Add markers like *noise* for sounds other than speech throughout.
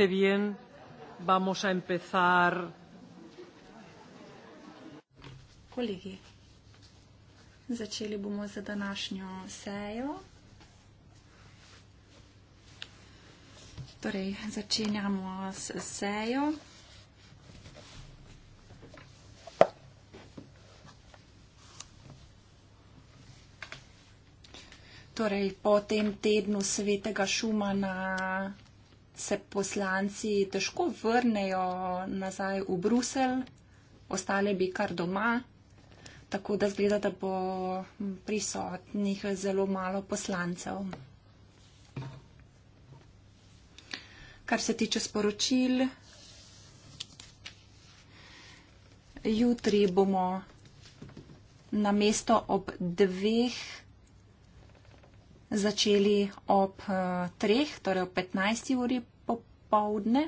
parece bien, vamos a empezar. Kolegi, začeli bomo z današnjo sejo. Torej, začenjamo s sejo. Torej, po tem tednu svetega šuma na se poslanci težko vrnejo nazaj v Brusel, ostale bi kar doma. Tako da zgleda, da bo prisotnih zelo malo poslancev. Kar se tiče sporočil, jutri bomo na mesto ob dveh začeli ob eh, treh, torej ob 15. uri popovdne.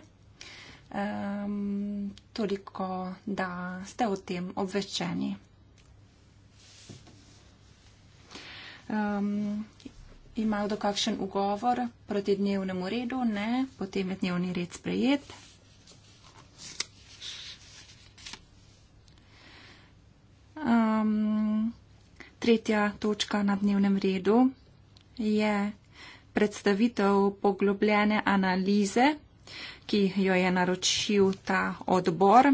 Um, toliko, da ste o tem obveščeni. Um, imajo dokakšen ugovor proti dnevnemu redu? Ne, potem je dnevni red sprejet. Um, tretja točka na dnevnem redu je predstavitev poglobljene analize ki jo je naročil ta odbor.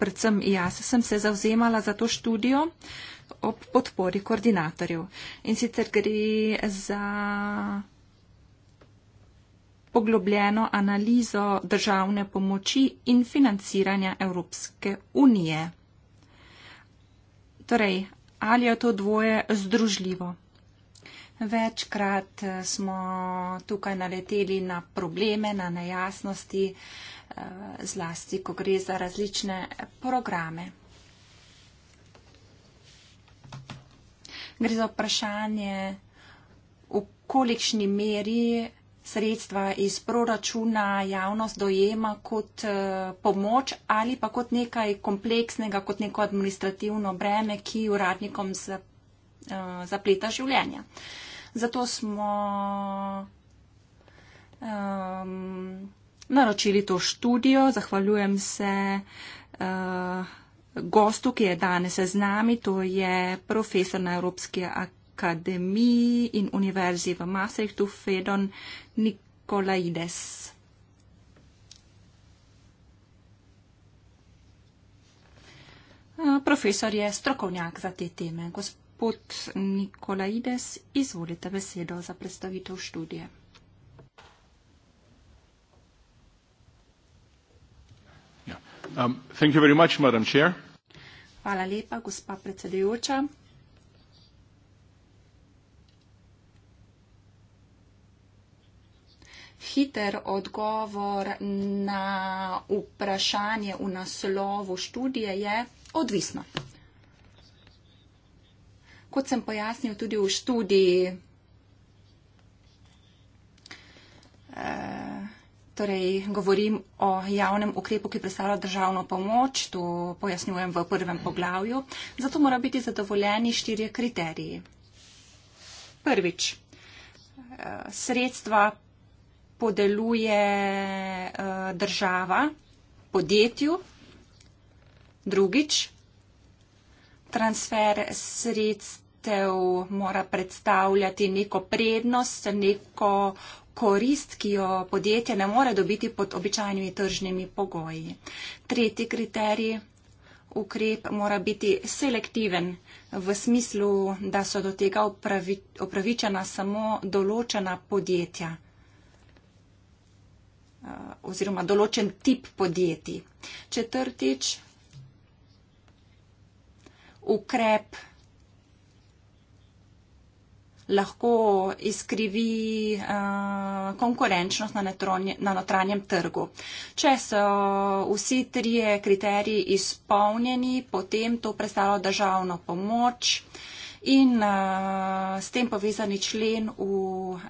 Predvsem jaz sem se zauzemala za to študijo ob podpori koordinatorjev. In sicer gre za poglobljeno analizo državne pomoči in financiranja Evropske unije. Torej, ali je to dvoje združljivo? Večkrat eh, smo tukaj naleteli na probleme, na nejasnosti, eh, zlasti, ko gre za različne programe. Gre za vprašanje, v kolikšni meri sredstva iz proračuna javnost dojema kot eh, pomoč ali pa kot nekaj kompleksnega, kot neko administrativno breme, ki uradnikom zapleta življenja. Zato smo um, naročili to študijo. Zahvaljujem se uh, gostu, ki je danes z nami. To je profesor na Evropski akademiji in univerzi v Maastrichtu, Fedon Nikolaides. Uh, profesor je strokovnjak za te teme. Gosp gospod Nikolaides, izvolite besedo za predstavitev študije. Ja. Um, thank you very much, Madam Chair. Hvala lepa, gospa predsedujoča. Hiter odgovor na vprašanje v naslovu študije je odvisno kot sem pojasnil tudi v študiji, eh, torej govorim o javnem ukrepu, ki predstavlja državno pomoč, to pojasnjujem v prvem poglavju, zato mora biti zadovoljeni štirje kriteriji. Prvič, eh, sredstva podeluje eh, država podjetju, drugič, transfer sredstev mora predstavljati neko prednost, neko korist, ki jo podjetje ne more dobiti pod običajnimi tržnimi pogoji. Tretji kriterij. Ukrep mora biti selektiven v smislu, da so do tega upravičena samo določena podjetja eh, oziroma določen tip podjetij. Četrtič, ukrep lahko izkrivi uh, konkurenčnost na, netronje, na notranjem trgu. Če so vsi trije kriteriji izpolnjeni, potem to predstavlja državno pomoč in uh, s tem povezani člen v,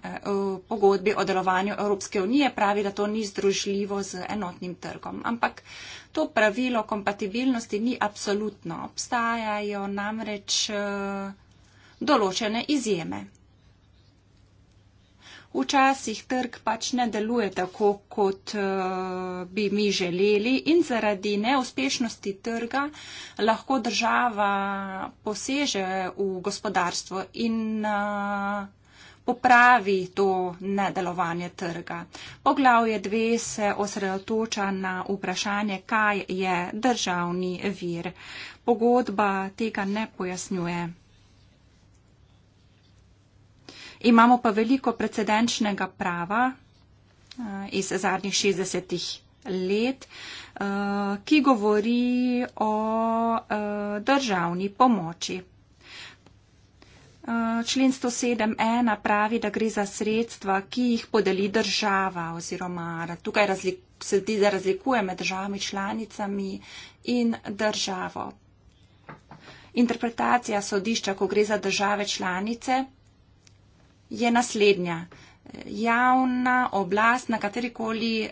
eh, v pogodbi o delovanju Evropske unije pravi, da to ni združljivo z enotnim trgom. Ampak uh, To pravilo kompatibilnosti ni absolutno. Obstajajo namreč eh, določene izjeme. Včasih trg pač ne deluje tako, kot eh, bi mi želeli in zaradi neuspešnosti trga lahko država poseže v gospodarstvo in eh, popravi to nedelovanje trga. Poglavje dve se osredotoča na vprašanje, kaj je državni vir. Pogodba tega ne pojasnjuje. Imamo pa veliko precedenčnega prava eh, iz zadnjih 60 let, eh, ki govori o eh, državni pomoči. Eh, člen 1071 e pravi, da gre za sredstva, ki jih podeli država oziroma tukaj razlik, se zdi, da razlikuje med državami članicami in državo. Interpretacija sodišča, ko gre za države članice, je naslednja. Javna oblast na katerikoli eh,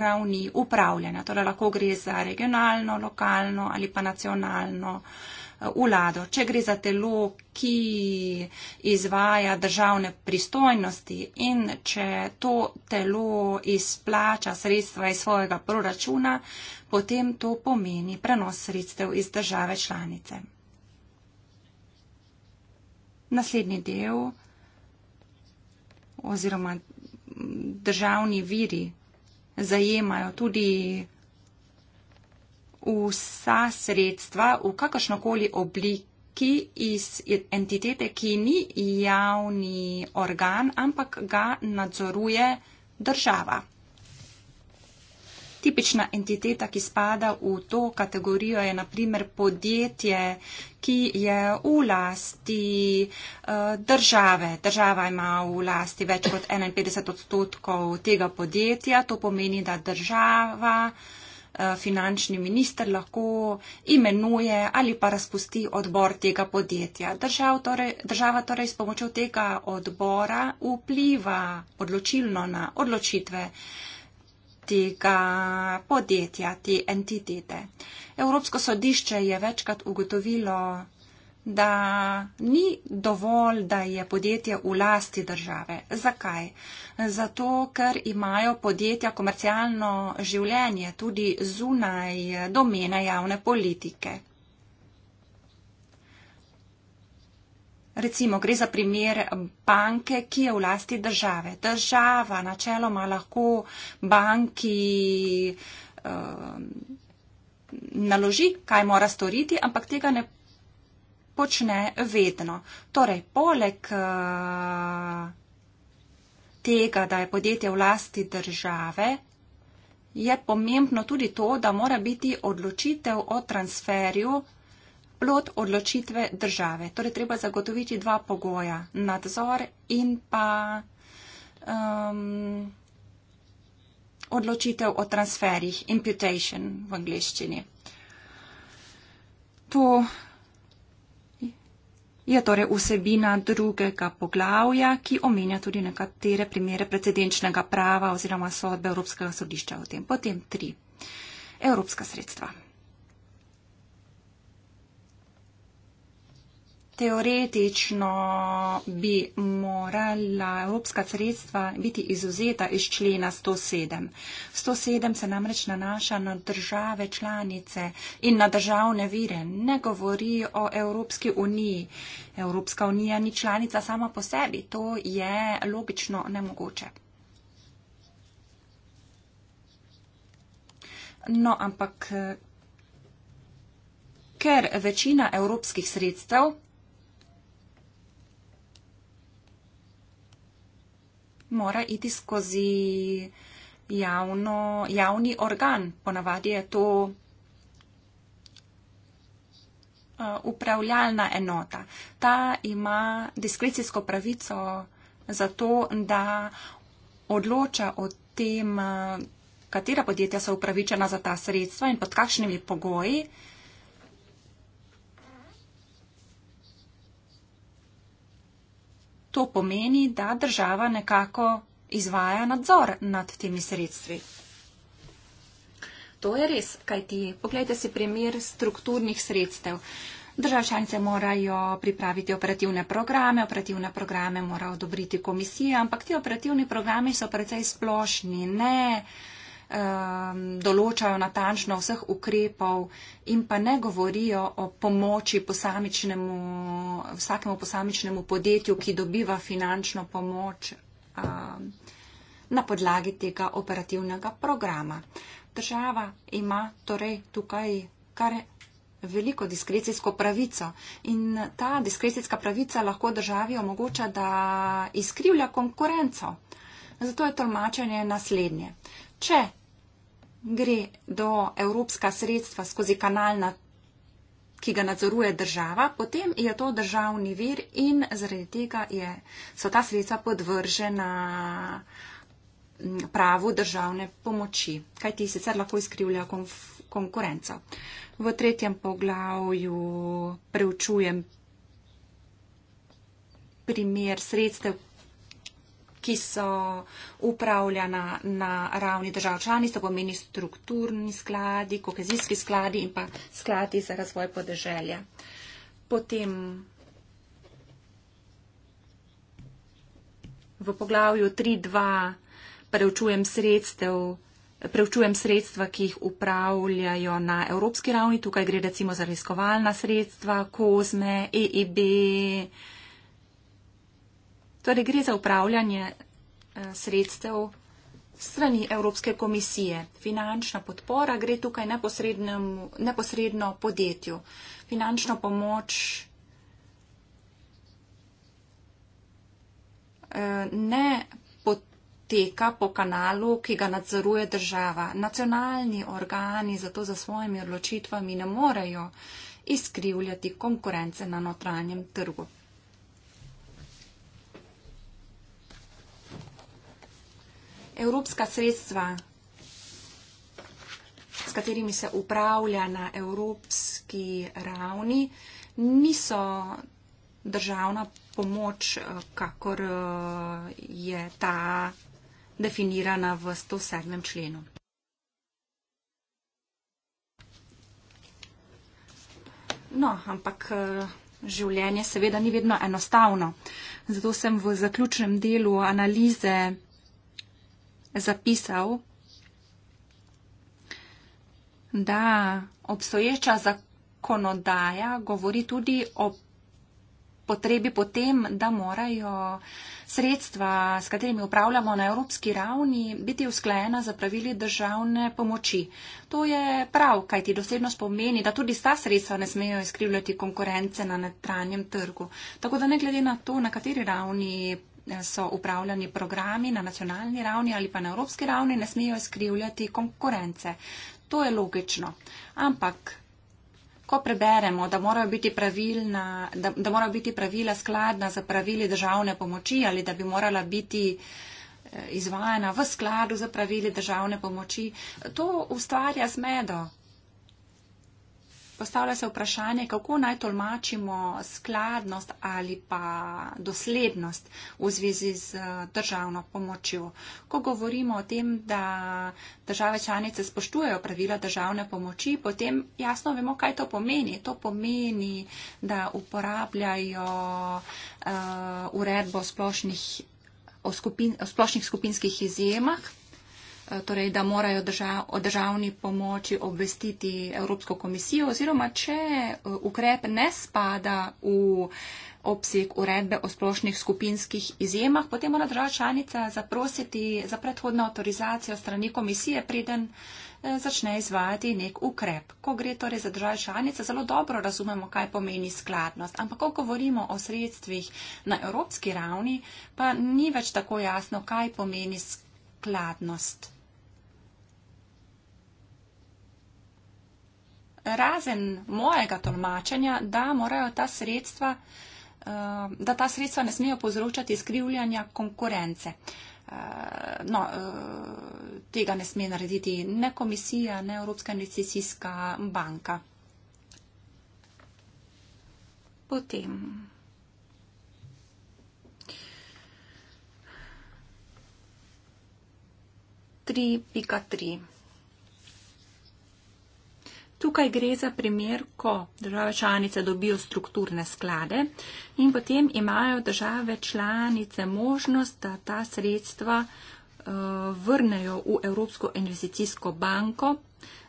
ravni upravljanja, torej lahko gre za regionalno, lokalno ali pa nacionalno. Eh, vlado, če gre za telo, ki izvaja državne pristojnosti in če to telo izplača sredstva iz svojega proračuna, potem to pomeni prenos sredstev iz države članice. Naslednji del oziroma državni viri zajemajo tudi vsa sredstva v kakršnokoli obliki iz entitete, ki ni javni organ, ampak ga nadzoruje država. Tipična entiteta, ki spada v to kategorijo, je naprimer podjetje, ki je v lasti eh, države. Država ima v lasti več kot 51 odstotkov tega podjetja. To pomeni, da država Eh, finančni minister lahko imenuje ali pa razpusti odbor tega podjetja. Država torej, država torej s pomočjo tega odbora vpliva odločilno na odločitve tega podjetja, te entitete. Evropsko sodišče je večkrat ugotovilo da ni dovolj, da je podjetje v lasti države. Zakaj? Zato, ker imajo podjetja komercialno življenje tudi zunaj domene javne politike. Recimo, gre za primer banke, ki je v lasti države. Država načeloma lahko banki eh, naloži, kaj mora storiti, ampak tega ne počne vedno. Torej, poleg eh, tega, da je podjetje v lasti države, je pomembno tudi to, da mora biti odločitev o transferju plot odločitve države. Torej, treba zagotoviti dva pogoja, nadzor in pa um, odločitev o transferjih, imputation v angliščini. To je torej vsebina drugega poglavja, ki omenja tudi nekatere primere precedenčnega prava oziroma sodbe Evropskega sodišča o tem. Potem tri. Evropska sredstva. Teoretično bi morala evropska sredstva biti izuzeta iz člena 107. 107 se namreč nanaša na države članice in na državne vire. Ne govori o Evropski uniji. Evropska unija ni članica sama po sebi. To je logično nemogoče. No, ampak. Ker večina evropskih sredstev mora iti skozi javno, javni organ. Ponavadi je to eh, upravljalna enota. Ta ima diskrecijsko pravico za to, da odloča o tem, eh, katera podjetja so upravičena za ta sredstva in pod kakšnimi pogoji. to pomeni, da država nekako izvaja nadzor nad temi sredstvi. To je res, kaj ti. Poglejte si primer strukturnih sredstev. Države članice morajo pripraviti operativne programe, operativne programe mora odobriti komisija, ampak ti operativni programi so precej splošni, ne uh, um, določajo natančno vseh ukrepov in pa ne govorijo o pomoči posamičnemu, vsakemu posamičnemu podjetju, ki dobiva finančno pomoč um, na podlagi tega operativnega programa. Država ima torej tukaj kar veliko diskrecijsko pravico in ta diskrecijska pravica lahko državi omogoča, da izkrivlja konkurenco. Zato je tolmačenje naslednje če gre do evropska sredstva skozi kanal, na, ki ga nadzoruje država, potem je to državni vir in zaradi tega je, so ta sredstva podvržena pravu državne pomoči, kaj ti sicer lahko izkrivlja konf, konkurenco. V tretjem poglavju preučujem primer sredstev, ki so upravljana na ravni držav članic, to pomeni strukturni skladi, kohezijski skladi in pa skladi za razvoj podeželja. Potem v poglavju 3.2 preučujem sredstev. Preučujem sredstva, ki jih upravljajo na evropski ravni. Tukaj gre recimo za raziskovalna sredstva, kozme, EIB, e Torej gre za upravljanje eh, sredstev strani Evropske komisije. Finančna podpora gre tukaj neposredno podjetju. Finančno pomoč eh, ne poteka po kanalu, ki ga nadzoruje država. Nacionalni organi zato za svojimi odločitvami ne morejo izkrivljati konkurence na notranjem trgu. evropska sredstva, s katerimi se upravlja na evropski ravni, niso državna pomoč, eh, kakor eh, je ta definirana v 107. členu. No, ampak eh, življenje seveda ni vedno enostavno. Zato sem v zaključnem delu analize zapisal, da obstoječa zakonodaja govori tudi o potrebi potem, da morajo sredstva, s katerimi upravljamo na evropski ravni, biti usklajena za pravili državne pomoči. To je prav, kaj ti dosledno spomeni, da tudi sta sredstva ne smejo izkrivljati konkurence na netranjem trgu. Tako da ne glede na to, na kateri ravni so upravljani programi na nacionalni ravni ali pa na evropski ravni, ne smejo skrivljati konkurence. To je logično. Ampak, ko preberemo, da morajo biti, pravilna, da, da morajo biti pravila skladna za pravili državne pomoči ali da bi morala biti eh, izvajana v skladu za pravili državne pomoči, to ustvarja zmedo izpostavlja se vprašanje, kako naj tolmačimo skladnost ali pa doslednost v zvezi z eh, državno pomočjo. Ko govorimo o tem, da države članice spoštujejo pravila državne pomoči, potem jasno vemo, kaj to pomeni. To pomeni, da uporabljajo uh, uredbo splošnih, o, skupin, o splošnih skupinskih izjemah Eh, torej, da morajo o državni pomoči obvestiti Evropsko komisijo oziroma če eh, ukrep ne spada v obseg uredbe o splošnih skupinskih izjemah, potem mora država članica zaprositi za predhodno avtorizacijo strani komisije, preden eh, začne izvajati nek ukrep. Ko gre torej za države članice, zelo dobro razumemo, kaj pomeni skladnost. Ampak, ko govorimo o sredstvih na evropski ravni, pa ni več tako jasno, kaj pomeni skladnost. razen mojega tolmačenja, da morajo ta sredstva, eh, da ta sredstva ne smejo povzročati skrivljanja konkurence. Eh, no, eh, tega ne sme narediti ne komisija, ne Evropska investicijska banka. Potem. Tri pika tri. Tukaj gre za primer, ko države članice dobijo strukturne sklade in potem imajo države članice možnost, da ta sredstva eh, vrnejo v Evropsko investicijsko banko,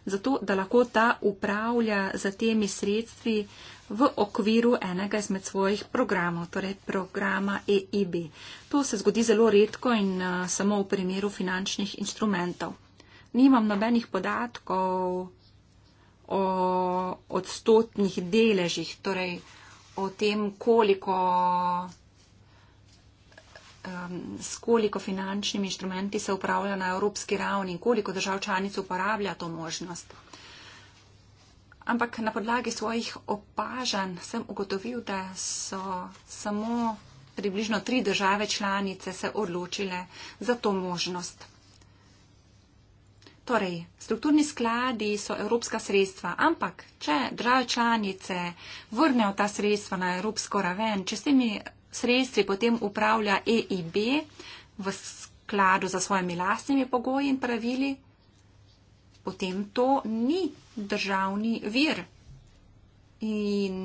zato da lahko ta upravlja za temi sredstvi v okviru enega izmed svojih programov, torej programa EIB. To se zgodi zelo redko in eh, samo v primeru finančnih instrumentov. Nimam nobenih podatkov o odstotnih deležih, torej o tem, koliko, um, s koliko finančnimi inštrumenti se upravlja na evropski ravni in koliko držav članic uporablja to možnost. Ampak na podlagi svojih opažanj sem ugotovil, da so samo približno tri države članice se odločile za to možnost. Torej, strukturni skladi so evropska sredstva, ampak če države članice vrnejo ta sredstva na evropsko raven, če s temi sredstvi potem upravlja EIB v skladu za svojimi lastnimi pogoji in pravili, potem to ni državni vir. In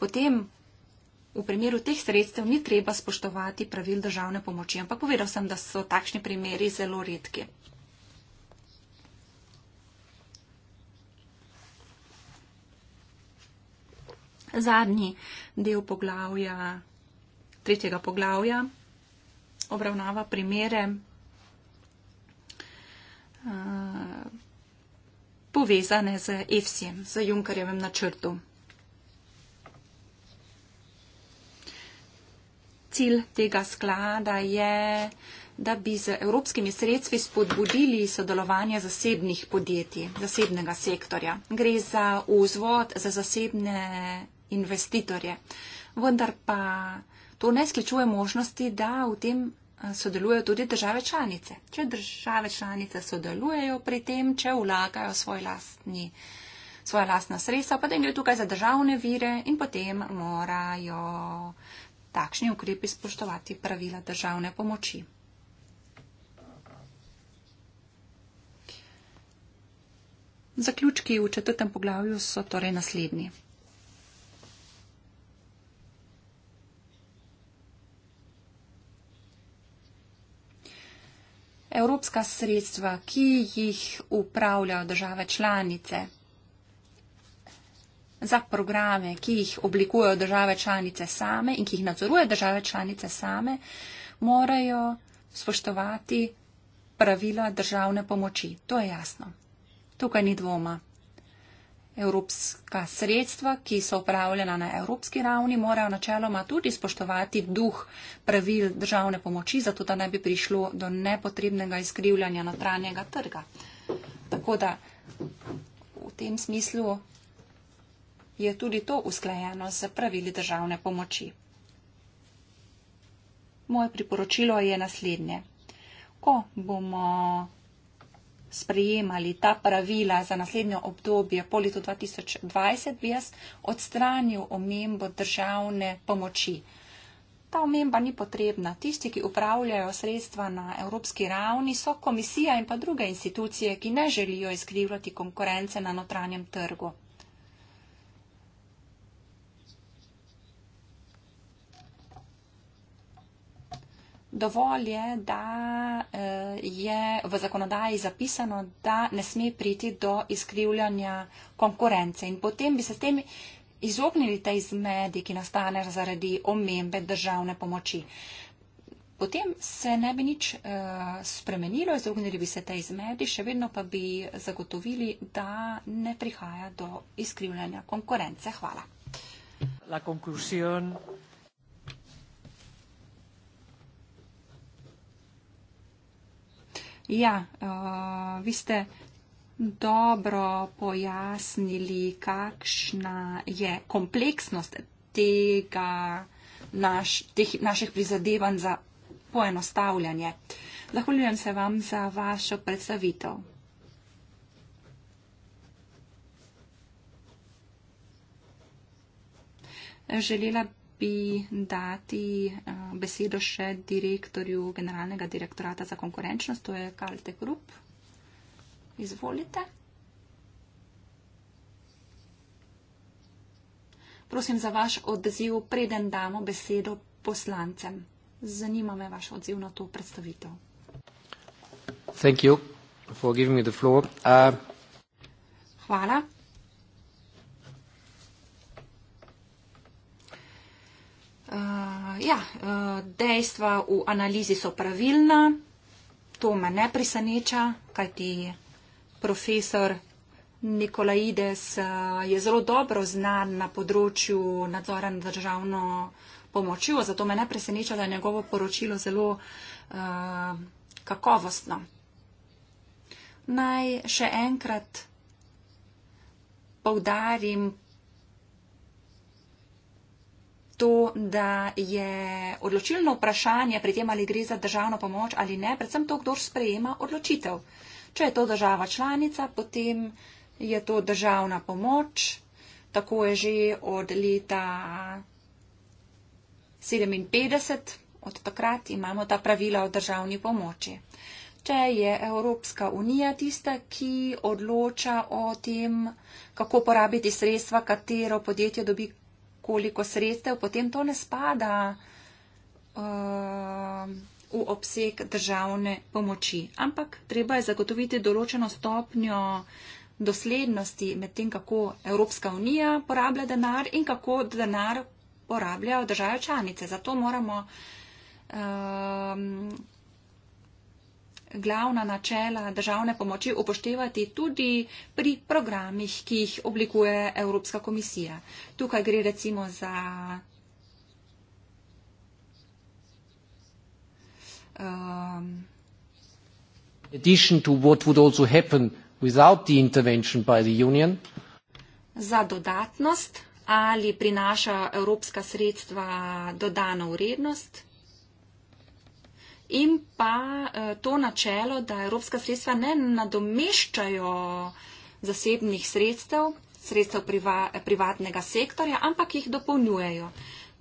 potem v primeru teh sredstev ni treba spoštovati pravil državne pomoči. Ampak povedal sem, da so takšni primeri zelo redki. Zadnji del poglavja, tretjega poglavja, obravnava primere eh, povezane z EFSI-jem, z Junkarjevem načrtu. Cilj tega sklada je, da bi z evropskimi sredstvi spodbudili sodelovanje zasebnih podjetij, zasebnega sektorja. Gre za vzvod za zasebne investitorje. Vendar pa to ne izključuje možnosti, da v tem eh, sodelujejo tudi države članice. Če države članice sodelujejo pri tem, če vlagajo svoj lastni, svoja lastna sredstva, pa da jim gre tukaj za državne vire in potem morajo takšni ukrepi spoštovati pravila državne pomoči. Zaključki v četrtem poglavju so torej naslednji. evropska sredstva, ki jih upravljajo države članice, za programe, ki jih oblikujejo države članice same in ki jih nadzoruje države članice same, morajo spoštovati pravila državne pomoči. To je jasno. Tukaj ni dvoma. Evropska sredstva, ki so upravljena na evropski ravni, morajo načeloma tudi spoštovati duh pravil državne pomoči, zato da ne bi prišlo do nepotrebnega izkrivljanja notranjega trga. Tako da v tem smislu je tudi to usklajeno z pravili državne pomoči. Moje priporočilo je naslednje. Ko bomo sprejemali ta pravila za naslednjo obdobje po letu 2020, bi jaz odstranil omembo državne pomoči. Ta omemba ni potrebna. Tisti, ki upravljajo sredstva na evropski ravni, so komisija in pa druge institucije, ki ne želijo izkrivljati konkurence na notranjem trgu. Dovolj je, da eh, je v zakonodaji zapisano, da ne sme priti do izkrivljanja konkurence. In potem bi se s tem izognili tej zmedi, ki nastane zaradi omembe državne pomoči. Potem se ne bi nič eh, spremenilo, izognili bi se tej zmedi, še vedno pa bi zagotovili, da ne prihaja do izkrivljanja konkurence. Hvala. La conclusión. Ja, uh, vi ste dobro pojasnili, kakšna je kompleksnost tega naš, teh, naših prizadevanj za poenostavljanje. Zahvaljujem se vam za vašo predstavitev. Želela bi dati eh, besedo še direktorju generalnega direktorata za konkurenčnost, to je Kalte Group. Izvolite. Prosim za vaš odziv, preden damo besedo poslancem. Zanima me vaš odziv na to predstavitev. Uh, Hvala, da mi dajete besedo. Hvala, Uh, ja, uh, dejstva v analizi so pravilna, to me ne priseneča, kajti profesor Nikolaides uh, je zelo dobro znan na področju nadzora nad državno pomočjo, zato me ne priseneča, da je njegovo poročilo zelo uh, kakovostno. Naj še enkrat poudarim to, da je odločilno vprašanje pri tem, ali gre za državno pomoč ali ne, predvsem to, kdo sprejema odločitev. Če je to država članica, potem je to državna pomoč, tako je že od leta 57, od takrat imamo ta pravila o državni pomoči. Če je Evropska unija tista, ki odloča o tem, kako porabiti sredstva, katero podjetje dobi koliko sredstev, potem to ne spada uh, v obseg državne pomoči. Ampak treba je zagotoviti določeno stopnjo doslednosti med tem, kako Evropska unija porablja denar in kako denar porabljajo države članice. Zato moramo. Uh, glavna načela državne pomoči upoštevati tudi pri programih, ki jih oblikuje Evropska komisija. Tukaj gre recimo za um, addition to what would also happen without the intervention by the union. Za dodatnost ali prinaša evropska sredstva dodano vrednost in pa eh, to načelo, da evropska sredstva ne nadomeščajo zasebnih sredstev, sredstev priva, privatnega sektorja, ampak jih dopolnjujejo.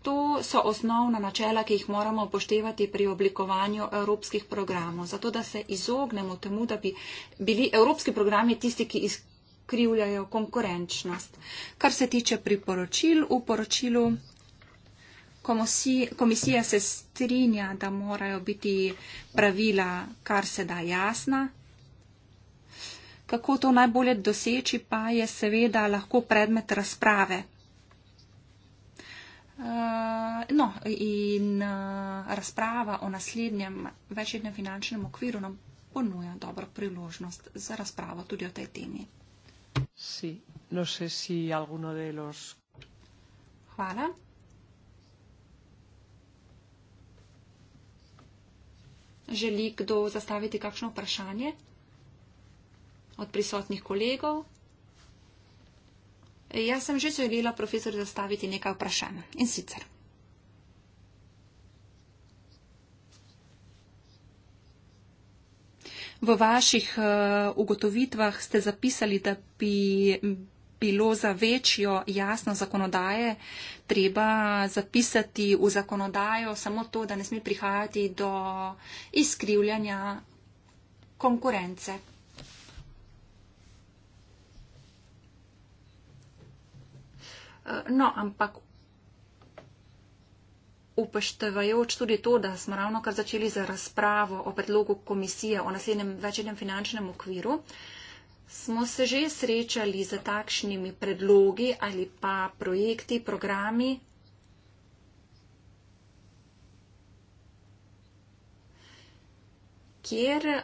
To so osnovna načela, ki jih moramo upoštevati pri oblikovanju evropskih programov, zato da se izognemo temu, da bi bili evropski programi tisti, ki izkrivljajo konkurenčnost. Kar se tiče priporočil, v poročilu komisija se strinja, da morajo biti pravila kar se da jasna. Kako to najbolje doseči, pa je seveda lahko predmet razprave. Uh, no, in uh, razprava o naslednjem večjednem finančnem okviru nam ponuja dobro priložnost za razpravo tudi o tej temi. Sí, no sé si de los... Hvala. želi kdo zastaviti kakšno vprašanje od prisotnih kolegov. Jaz sem že želela profesor zastaviti nekaj vprašanj in sicer. V vaših eh, ugotovitvah ste zapisali, da bi bilo za večjo jasno zakonodaje treba zapisati v zakonodajo samo to, da ne sme prihajati do izkrivljanja konkurence. No, ampak upoštevajoč tudi to, da smo ravno kar začeli z razpravo o predlogu komisije o naslednjem večjem finančnem okviru, uh, smo se že srečali z takšnimi predlogi ali pa projekti, programi. kjer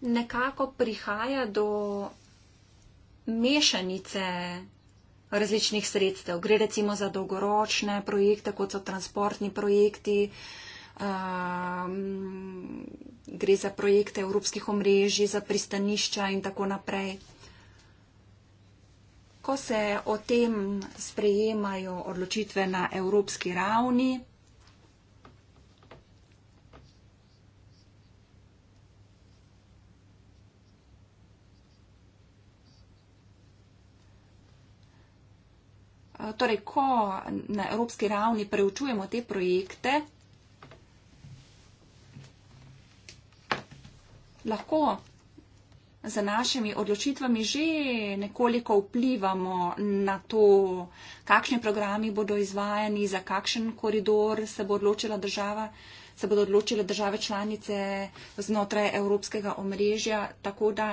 nekako prihaja do mešanice različnih sredstev. Gre recimo za dolgoročne projekte, kot so transportni projekti, uh, um, gre za projekte evropskih omrežij, za pristanišča in tako naprej. Ko se o tem sprejemajo odločitve na evropski ravni, Torej, ko na evropski ravni preučujemo te projekte, lahko z našimi odločitvami že nekoliko vplivamo na to, kakšni programi bodo izvajani, za kakšen koridor se bo odločila država, se bodo odločile države članice znotraj evropskega omrežja, tako da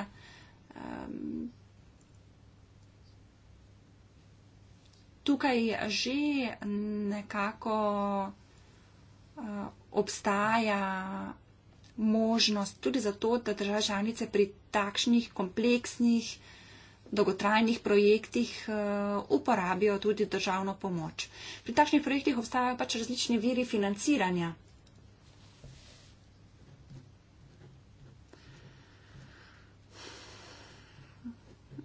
um, tukaj že nekako uh, obstaja možnost tudi zato, da države članice pri takšnih kompleksnih, dolgotrajnih projektih eh, uporabijo tudi državno pomoč. Pri takšnih projektih obstajajo pač različni viri financiranja.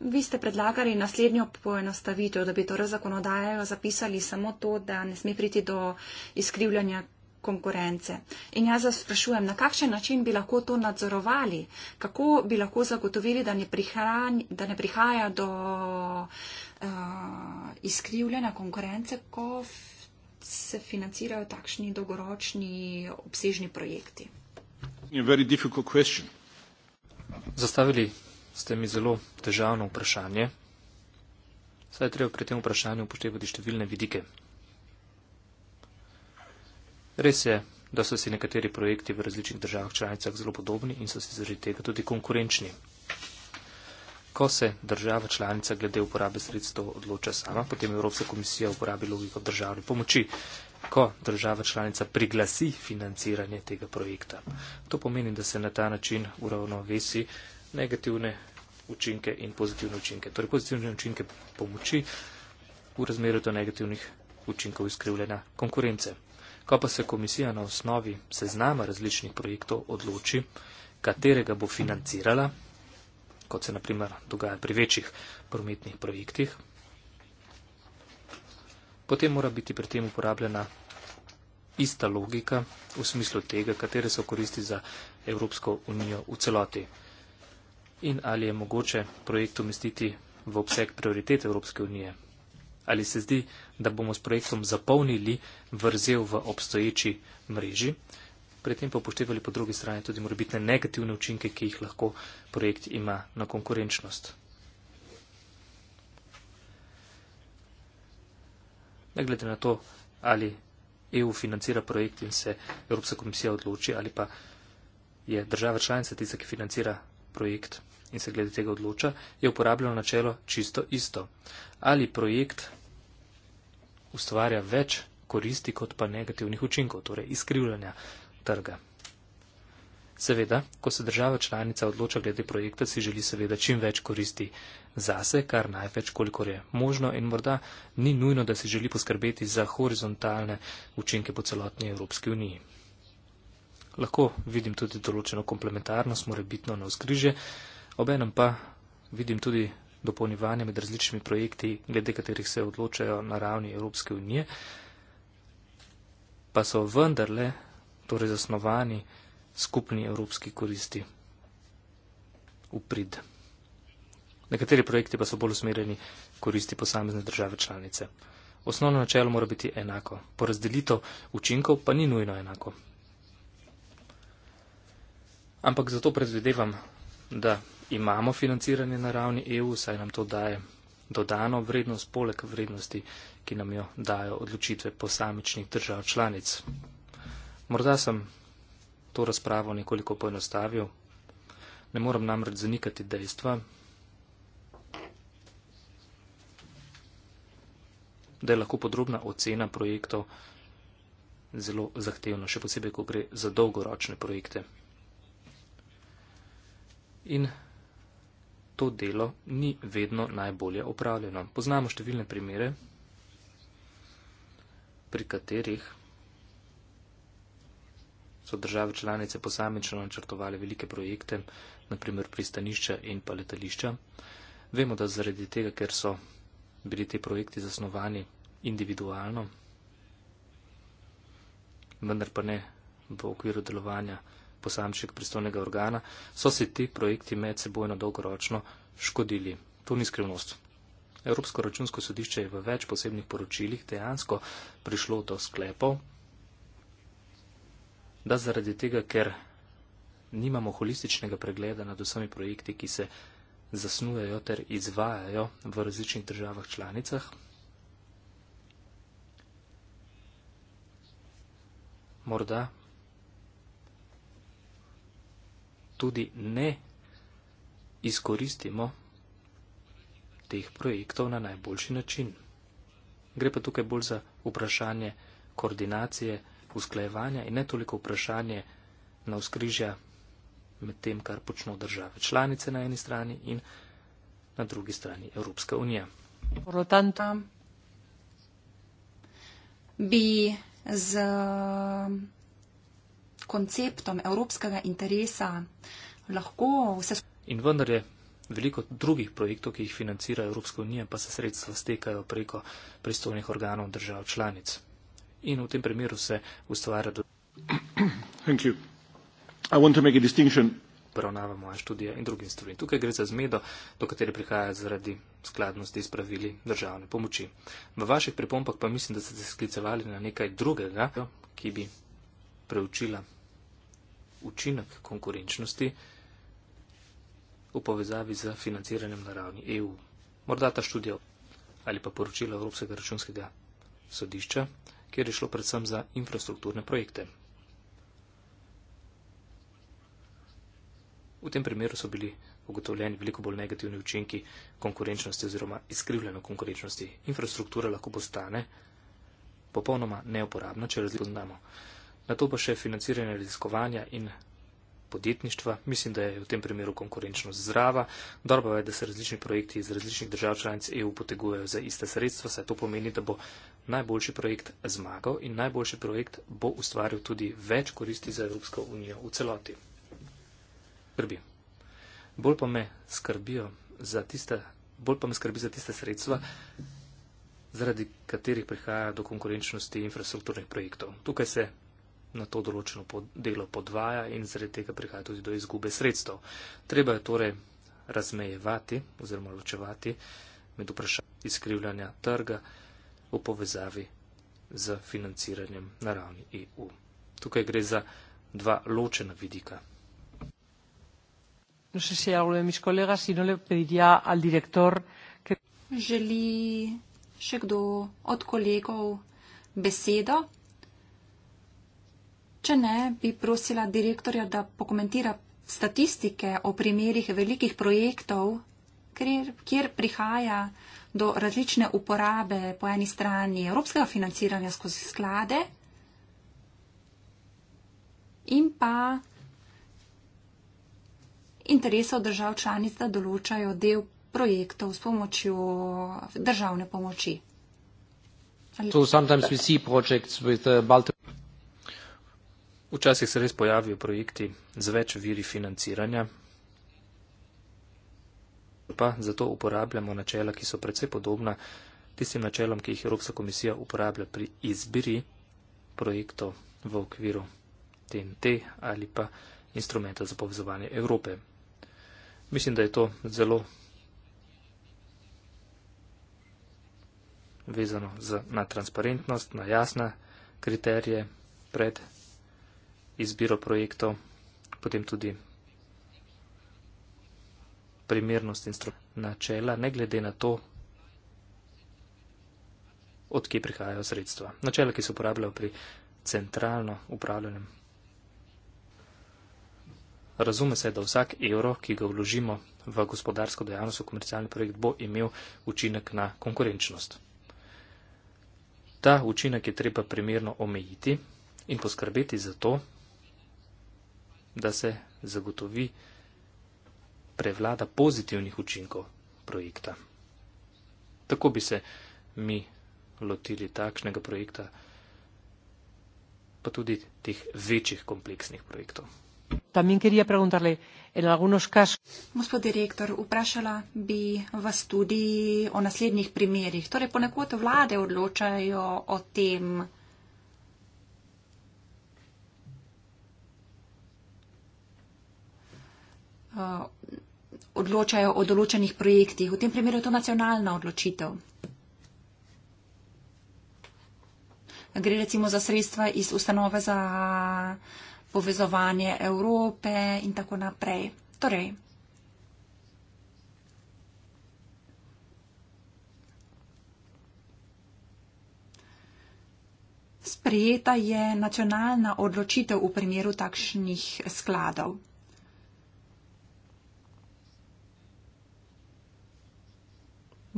Vi ste predlagali naslednjo poenostavitev, da bi torej zakonodajo zapisali samo to, da ne sme priti do izkrivljanja konkurence. In jaz vas sprašujem, na kakšen način bi lahko to nadzorovali, kako bi lahko zagotovili, da ne, prihran, da ne prihaja do uh, eh, izkrivljena konkurence, ko se financirajo takšni dolgoročni obsežni projekti. Zastavili ste mi zelo težavno vprašanje. Saj je treba pri tem vprašanju upoštevati številne vidike. Res je, da so si nekateri projekti v različnih državah članicah zelo podobni in so si zaradi tega tudi konkurenčni. Ko se država članica glede uporabe sredstev odloča sama, potem Evropska komisija uporabi logiko državne pomoči, ko država članica priglasi financiranje tega projekta. To pomeni, da se na ta način uravnovesi negativne učinke in pozitivne učinke. Torej pozitivne učinke pomoči v razmeru do negativnih učinkov izkrivljena konkurence. Ko pa se komisija na osnovi seznama različnih projektov odloči, katerega bo financirala, kot se naprimer dogaja pri večjih prometnih projektih, potem mora biti pri tem uporabljena ista logika v smislu tega, katere so koristi za Evropsko unijo v celoti. In ali je mogoče projekt umestiti v obseg prioritet Evropske unije, Ali se zdi, da bomo s projektom zapolnili vrzel v obstoječi mreži, predtem pa upoštevali po drugi strani tudi morbitne negativne učinke, ki jih lahko projekt ima na konkurenčnost. Ne glede na to, ali EU financira projekt in se Evropska komisija odloči, ali pa je država članica tista, ki financira projekt in se glede tega odloča, je uporabljeno načelo čisto isto. Ali projekt ustvarja več koristi kot pa negativnih učinkov, torej izkrivljanja trga. Seveda, ko se država članica odloča glede projekta, si želi seveda čim več koristi zase, kar največ, kolikor je možno in morda ni nujno, da si želi poskrbeti za horizontalne učinke po celotni Evropski uniji. Lahko vidim tudi določeno komplementarnost, morebitno na vzkrižje, obenem pa vidim tudi dopolnjevanja med različnimi projekti, glede katerih se odločajo na ravni Evropske unije, pa so vendarle torej zasnovani skupni evropski koristi v prid. Nekateri projekti pa so bolj usmerjeni koristi posamezne države članice. Osnovno načelo mora biti enako. Porazdelitev učinkov pa ni nujno enako. Ampak zato predvidevam, da imamo financiranje na ravni EU, saj nam to daje dodano vrednost poleg vrednosti, ki nam jo dajo odločitve posamičnih držav članic. Morda sem to razpravo nekoliko poenostavil. Ne moram namreč zanikati dejstva, da je lahko podrobna ocena projektov zelo zahtevna, še posebej, ko gre za dolgoročne projekte. In to delo ni vedno najbolje opravljeno. Poznamo številne primere, pri katerih so države članice posamično načrtovali velike projekte, naprimer pristanišča in pa letališča. Vemo, da zaradi tega, ker so bili te projekti zasnovani individualno, vendar pa ne v okviru delovanja posamček pristovnega organa, so si ti projekti medsebojno dolgoročno škodili. To ni skrivnost. Evropsko računsko sodišče je v več posebnih poročilih dejansko prišlo do sklepov, da zaradi tega, ker nimamo holističnega pregleda nad vsemi projekti, ki se zasnujejo ter izvajajo v različnih državah članicah, morda tudi ne izkoristimo teh projektov na najboljši način. Gre pa tukaj bolj za vprašanje koordinacije, usklajevanja in ne toliko vprašanje na vzkrižja med tem, kar počno države članice na eni strani in na drugi strani Evropska unija. Protanta. Bi z konceptom evropskega interesa lahko vse. In vendar je veliko drugih projektov, ki jih financira Evropska unija, pa se sredstva stekajo preko pristojnih organov držav članic. In v tem primeru se ustvarja do. *clears throat* Thank you. I want to make a distinction. Poravnava moja študija in drugim stvarem. Tukaj gre za zmedo, do katere prihaja zaradi skladnosti s pravili državne pomoči. V vaših pripompah pa mislim, da ste se sklicevali na nekaj drugega, ki bi preučila učinek konkurenčnosti v povezavi z financiranjem na ravni EU. Morda ta študija ali pa poročila Evropskega računskega sodišča, kjer je šlo predvsem za infrastrukturne projekte. V tem primeru so bili ugotovljeni veliko bolj negativni učinki konkurenčnosti oziroma izkrivljeno konkurenčnosti. Infrastruktura lahko postane popolnoma neuporabna, če razliko znamo na to pa še financiranje raziskovanja in podjetništva. Mislim, da je v tem primeru konkurenčnost zdrava. Dobro je, da se različni projekti iz različnih držav članic EU potegujejo za iste sredstva, saj to pomeni, da bo najboljši projekt zmagal in najboljši projekt bo ustvaril tudi več koristi za Evropsko unijo v celoti. Prvi. Bolj pa me skrbijo za tiste, bolj pa me skrbi za tiste sredstva, zaradi katerih prihaja do konkurenčnosti infrastrukturnih projektov. Tukaj se na to določeno delo podvaja in zaradi tega prihaja tudi do izgube sredstev. Treba je torej razmejevati oziroma ločevati med vprašanjem izkrivljanja trga v povezavi z financiranjem na ravni EU. Tukaj gre za dva ločena vidika. No sé si alguno de mis colegas, si no le pediría al director que. ¿Želi še kdo od kolegov besedo? Če ne, bi prosila direktorja, da pokomentira statistike o primerih velikih projektov, kjer prihaja do različne uporabe po eni strani evropskega financiranja skozi sklade in pa interesov držav članic, da določajo del projektov s pomočjo državne pomoči. Ali... So, Včasih se res pojavijo projekti z več viri financiranja, pa zato uporabljamo načela, ki so predvsej podobna tistim načelom, ki jih Evropska komisija uporablja pri izbiri projektov v okviru TNT ali pa instrumenta za povezovanje Evrope. Mislim, da je to zelo vezano na transparentnost, na jasne kriterije pred izbiro projektov, potem tudi primernost in strop načela, ne glede na to, odkje prihajajo sredstva. Načela, ki se uporabljajo pri centralno upravljanjem. Razume se, da vsak evro, ki ga vložimo v gospodarsko dejavnost, v komercialni projekt, bo imel učinek na konkurenčnost. Ta učinek je treba primerno omejiti in poskrbeti za to, da se zagotovi prevlada pozitivnih učinkov projekta. Tako bi se mi lotili takšnega projekta, pa tudi teh večjih kompleksnih projektov. Gospod direktor, vprašala bi vas tudi o naslednjih primerjih. Torej, ponekod vlade odločajo o tem, Eh, odločajo o določenih projektih. V tem primeru je to nacionalna odločitev. Gre recimo za sredstva iz ustanove za povezovanje Evrope in tako naprej. Torej, sprejeta je nacionalna odločitev v primeru takšnih skladov.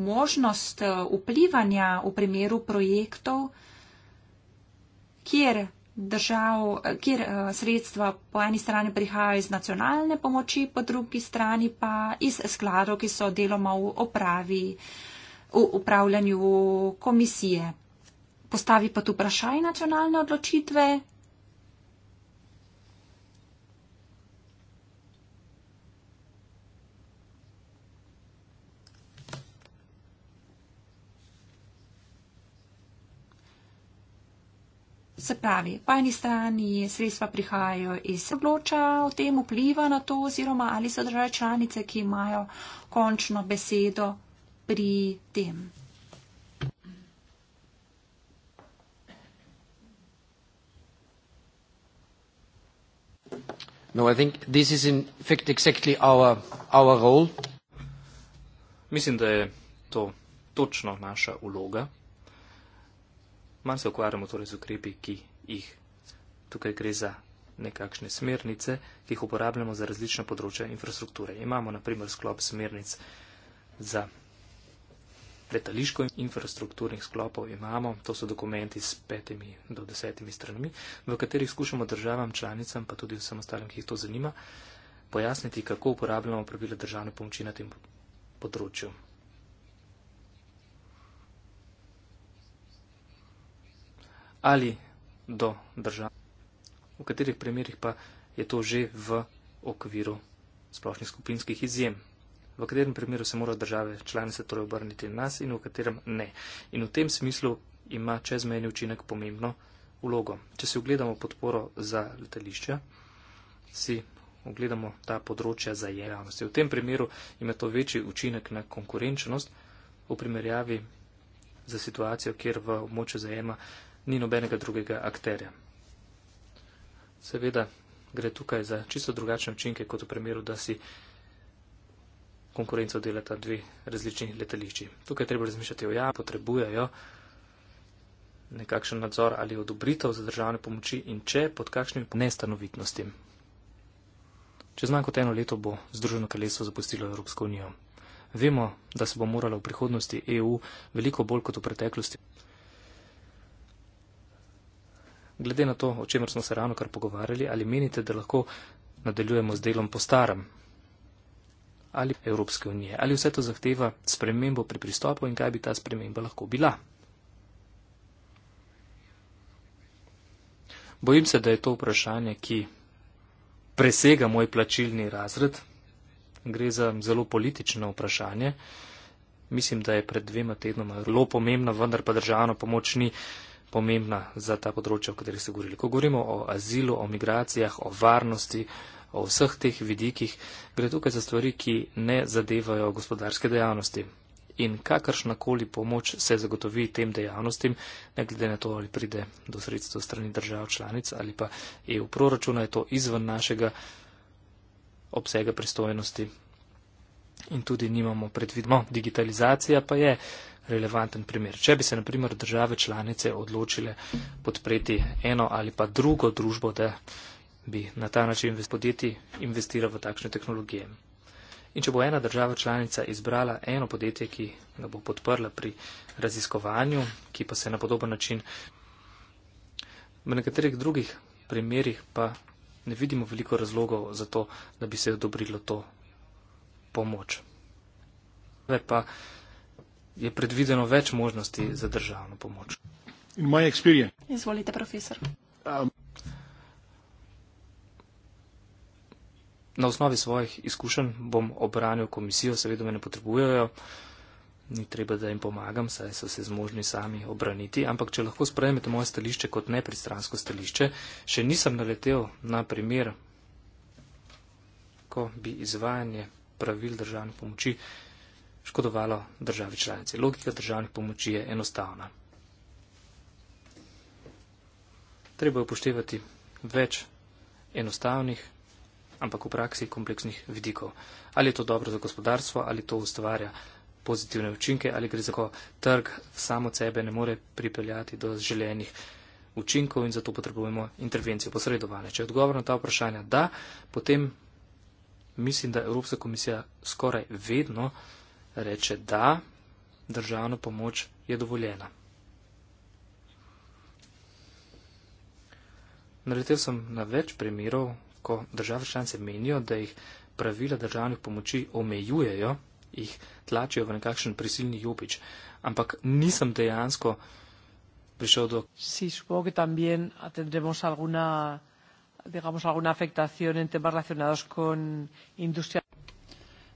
možnost eh, vplivanja v primeru projektov, kjer, držav, eh, kjer eh, sredstva po eni strani prihajajo iz nacionalne pomoči, po drugi strani pa iz skladov, ki so deloma v opravi, v upravljanju komisije. Postavi pa tu vprašaj nacionalne odločitve, Se pravi, po eni strani sredstva prihajajo iz obloča, o tem vpliva na to, oziroma ali so države članice, ki imajo končno besedo pri tem. No, exactly our, our Mislim, da je to točno naša vloga manj se ukvarjamo torej z ukrepi, ki jih. Tukaj gre za nekakšne smernice, ki jih uporabljamo za različna področja infrastrukture. Imamo naprimer sklop smernic za letališko infrastrukturnih sklopov, imamo, to so dokumenti s petimi do desetimi stranami, v katerih skušamo državam, članicam, pa tudi vsem ostalim, ki jih to zanima, pojasniti, kako uporabljamo pravila državne pomoči na tem področju. ali do države. V katerih primerih pa je to že v okviru splošnih skupinskih izjem. V katerem primeru se morajo države članice torej obrniti nas in v katerem ne. In v tem smislu ima čezmejni učinek pomembno vlogo. Če si ogledamo podporo za letališča, si ogledamo ta področja za javnosti. V tem primeru ima to večji učinek na konkurenčnost v primerjavi za situacijo, kjer v območju zajema ni nobenega drugega akterja. Seveda gre tukaj za čisto drugačne učinke kot v primeru, da si konkurenco delata dve različni letališči. Tukaj treba razmišljati o ja, potrebujejo nekakšen nadzor ali odobritev za državne pomoči in če pod kakšnimi nestanovitnosti. Čez manj kot eno leto bo Združeno kraljestvo zapustilo Evropsko unijo. Vemo, da se bo morala v prihodnosti EU veliko bolj kot v preteklosti glede na to, o čemer smo se ravno kar pogovarjali, ali menite, da lahko nadaljujemo z delom po starem ali Evropske unije, ali vse to zahteva spremembo pri pristopu in kaj bi ta sprememba lahko bila. Bojim se, da je to vprašanje, ki presega moj plačilni razred. Gre za zelo politično vprašanje. Mislim, da je pred dvema tednoma zelo pomembna, vendar pa državna pomoč ni pomembna za ta področja, o katerih ste govorili. Ko govorimo o azilu, o migracijah, o varnosti, o vseh teh vidikih, gre tukaj za stvari, ki ne zadevajo gospodarske dejavnosti. In kakršnakoli pomoč se zagotovi tem dejavnostim, ne glede na to, ali pride do sredstva strani držav članic ali pa EU proračuna, je to izven našega obsega pristojnosti. In tudi nimamo predvidno. Digitalizacija pa je relevanten primer. Če bi se naprimer države članice odločile podpreti eno ali pa drugo družbo, da bi na ta način podjetji investiralo v takšne tehnologije. In če bo ena država članica izbrala eno podjetje, ki ga bo podprla pri raziskovanju, ki pa se na podoben način. V nekaterih drugih primerjih pa ne vidimo veliko razlogov za to, da bi se odobrilo to pomoč. Pa je predvideno več možnosti za državno pomoč. In moj experience. Izvolite, profesor. Um. Na osnovi svojih izkušenj bom obranil komisijo, seveda me ne potrebujejo, ni treba, da jim pomagam, saj so se zmožni sami obraniti, ampak če lahko sprejmete moje stališče kot nepristransko stališče, še nisem naletel na primer, ko bi izvajanje pravil državne pomoči škodovalo državi članici. Logika državnih pomoči je enostavna. Treba je upoštevati več enostavnih, ampak v praksi kompleksnih vidikov. Ali je to dobro za gospodarstvo, ali to ustvarja pozitivne učinke, ali gre za to, da trg samo sebe ne more pripeljati do želenih učinkov in zato potrebujemo intervencijo posredovane. Če je odgovor na ta vprašanja da, potem mislim, da Evropska komisija skoraj vedno reče da, državna pomoč je dovoljena. Naletel sem na več primerov, ko države članice menijo, da jih pravila državnih pomoči omejujejo, jih tlačijo v nekakšen prisilni jopič, ampak nisem dejansko prišel do. Si, alguna, alguna con industrial...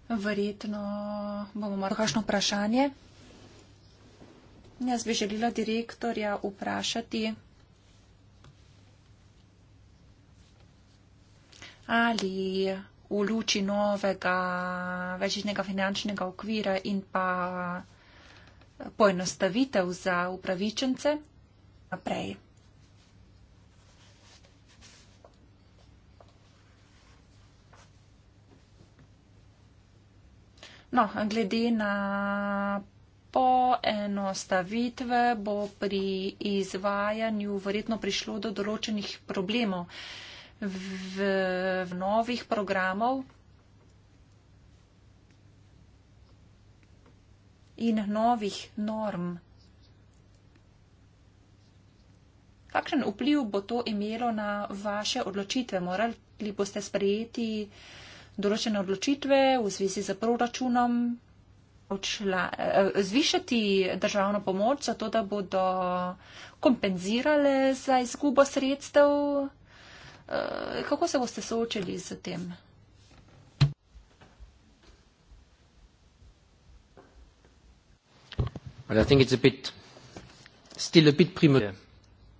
Verjetno bomo morali kakšno vprašanje. Jaz bi želela direktorja vprašati, ali v luči novega večjega finančnega okvira in pa poenostavitev za upravičence naprej. No, glede na poenostavitve bo pri izvajanju verjetno prišlo do določenih problemov v, v novih programov. in novih norm. Kakšen vpliv bo to imelo na vaše odločitve? Morali boste sprejeti uh, določene odločitve v zvezi z proračunom, odšla, eh, zvišati državno pomoč, zato da bodo kompenzirale za izgubo sredstev. Eh, kako se boste soočili z tem?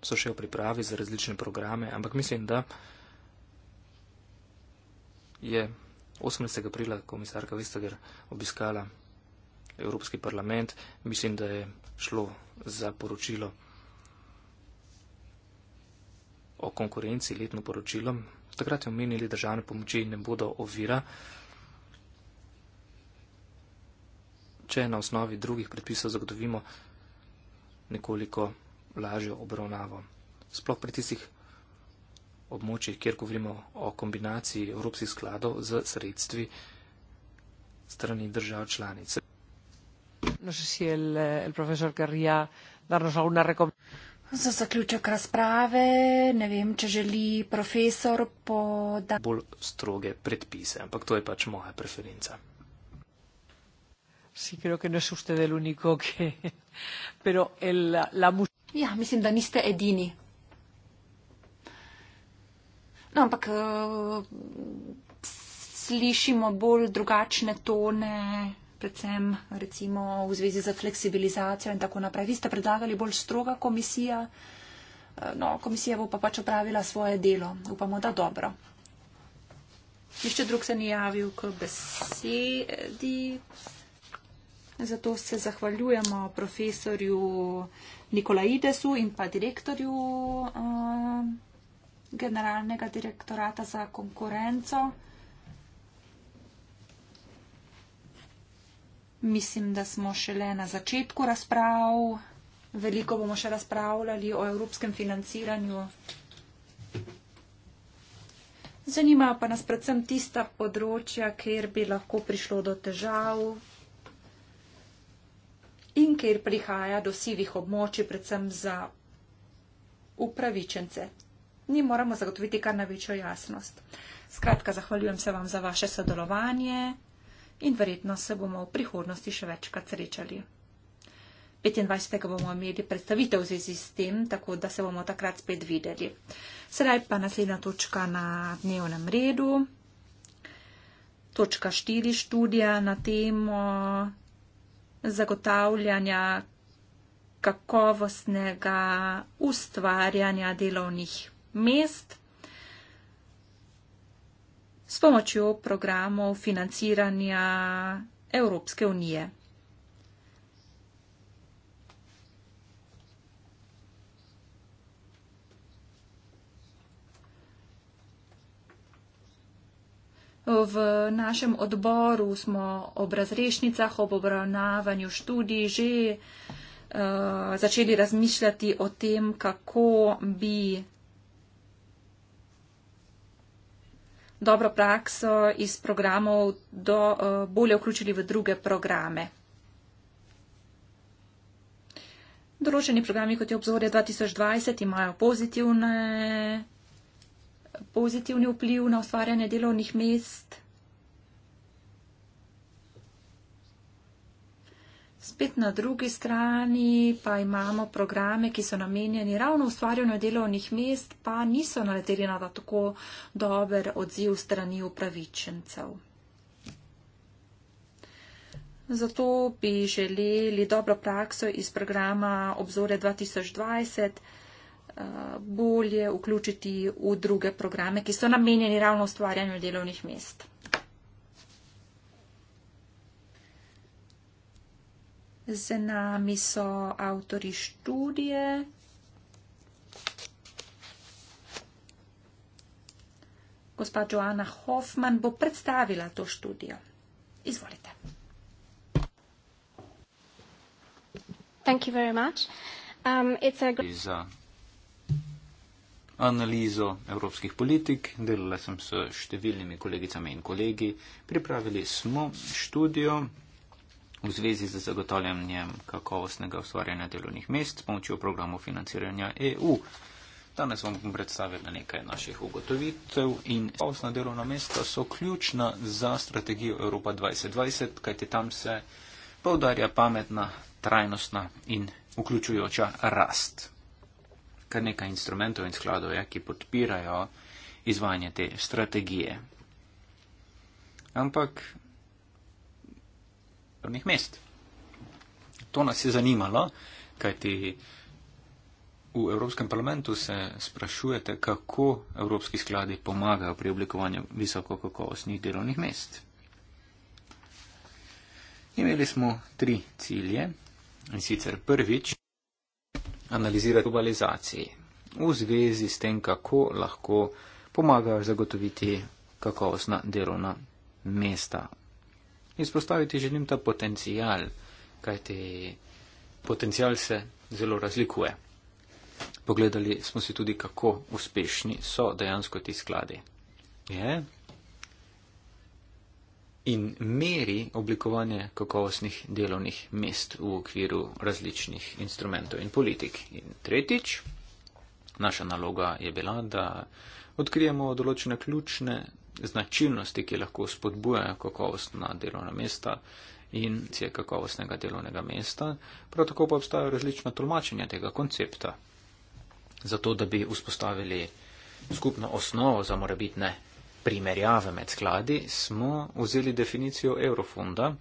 So še v pripravi za različne programe, ampak mislim, da je 18. aprila komisarka Vistager obiskala Evropski parlament. Mislim, da je šlo za poročilo o konkurenci, letno poročilo. Takrat je omenili, da državne pomoči ne bodo ovira, če na osnovi drugih predpisov zagotovimo nekoliko lažjo obravnavo. Sploh pri tistih območjih, kjer govorimo o kombinaciji evropskih skladov z sredstvi strani držav članic. No, si el, el profesor Garija naročal na rekom. Za zaključek razprave, ne vem, če želi profesor podati. Bolj stroge predpise, ampak to je pač moja preferenca. Si, creo, que no es usted el único, que... *laughs* pero el, la, la... Ja, mislim, da niste edini. No, ampak eh, slišimo bolj drugačne tone, predvsem recimo v zvezi z fleksibilizacijo in tako naprej. Vi ste predlagali bolj stroga komisija, eh, no, komisija bo pa pač opravila svoje delo. Upamo, da dobro. Nišče drug se ni javil k besedi. Zato se zahvaljujemo profesorju Nikolaidesu in pa direktorju. Uh, generalnega direktorata za konkurenco. Mislim, da smo šele na začetku razprav. Veliko bomo še razpravljali o evropskem financiranju. Zanimajo pa nas predvsem tista področja, kjer bi lahko prišlo do težav in kjer prihaja do sivih območij, predvsem za upravičence ni moramo zagotoviti kar na večjo jasnost. Skratka, zahvaljujem se vam za vaše sodelovanje in verjetno se bomo v prihodnosti še večkrat srečali. 25. bomo imeli predstavitev v zvezi s tem, tako da se bomo takrat spet videli. Sedaj pa naslednja točka na dnevnem redu. Točka 4 študija na temo zagotavljanja kakovostnega ustvarjanja delovnih mest s pomočjo programov financiranja Evropske unije. V našem odboru smo ob razrešnicah, ob obravnavanju študij že uh, začeli razmišljati o tem, kako bi dobro prakso iz programov do, eh, bolje vključili v druge programe. Določeni programi, kot je obzorje 2020, imajo pozitivne, pozitivni vpliv na ustvarjanje delovnih mest. Spet na drugi strani pa imamo programe, ki so namenjeni ravno ustvarjanju delovnih mest, pa niso naleteli na tako dober odziv strani upravičencev. Zato bi želeli dobro prakso iz programa Obzore 2020 eh, bolje vključiti v druge programe, ki so namenjeni ravno ustvarjanju delovnih mest. Z nami so avtori študije. Gospa Joana Hoffman bo predstavila to študijo. Izvolite. Um, a... Za analizo evropskih politik delala sem s številnimi kolegicami in kolegi. Pripravili smo študijo v zvezi z zagotavljanjem kakovostnega ustvarjanja delovnih mest s pomočjo programov financiranja EU. Danes vam bom predstavil na nekaj naših ugotovitev in kakovostna delovna mesta so ključna za strategijo Evropa 2020, kajti tam se povdarja pametna, trajnostna in vključujoča rast. Kar nekaj instrumentov in skladov je, ki podpirajo izvajanje te strategije. Ampak črnih mest. To nas je zanimalo, kajti v Evropskem parlamentu se sprašujete, kako evropski skladi pomagajo pri oblikovanju visokokakovostnih delovnih mest. Imeli smo tri cilje in sicer prvič analizirati globalizaciji v zvezi s tem, kako lahko pomagajo zagotoviti kakovostna delovna mesta Izpostaviti želim ta potencial, kajti potencial se zelo razlikuje. Pogledali smo si tudi, kako uspešni so dejansko ti skladi. Je. In meri oblikovanje kakovostnih delovnih mest v okviru različnih instrumentov in politik. In tretjič, naša naloga je bila, da odkrijemo določene ključne značilnosti, ki lahko spodbujajo kakovostna delovna mesta in cije kakovostnega delovnega mesta. Prav tako pa obstajajo različna tolmačenja tega koncepta, zato da bi vzpostavili skupno osnovo za morebitne primerjave med skladi, smo vzeli definicijo Eurofonda,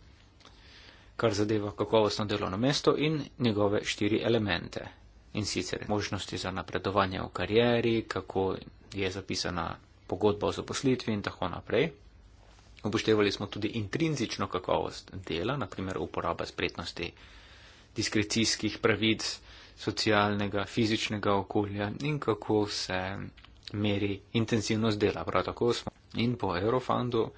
kar zadeva kakovostno delovno mesto in njegove štiri elemente. In sicer možnosti za napredovanje v karieri, kako je zapisana pogodba o zaposlitvi in tako naprej. Upoštevali smo tudi intrinzično kakovost dela, naprimer uporaba spretnosti diskrecijskih pravic, socialnega, fizičnega okolja in kako se meri intenzivnost dela. Prav tako smo in po Eurofundu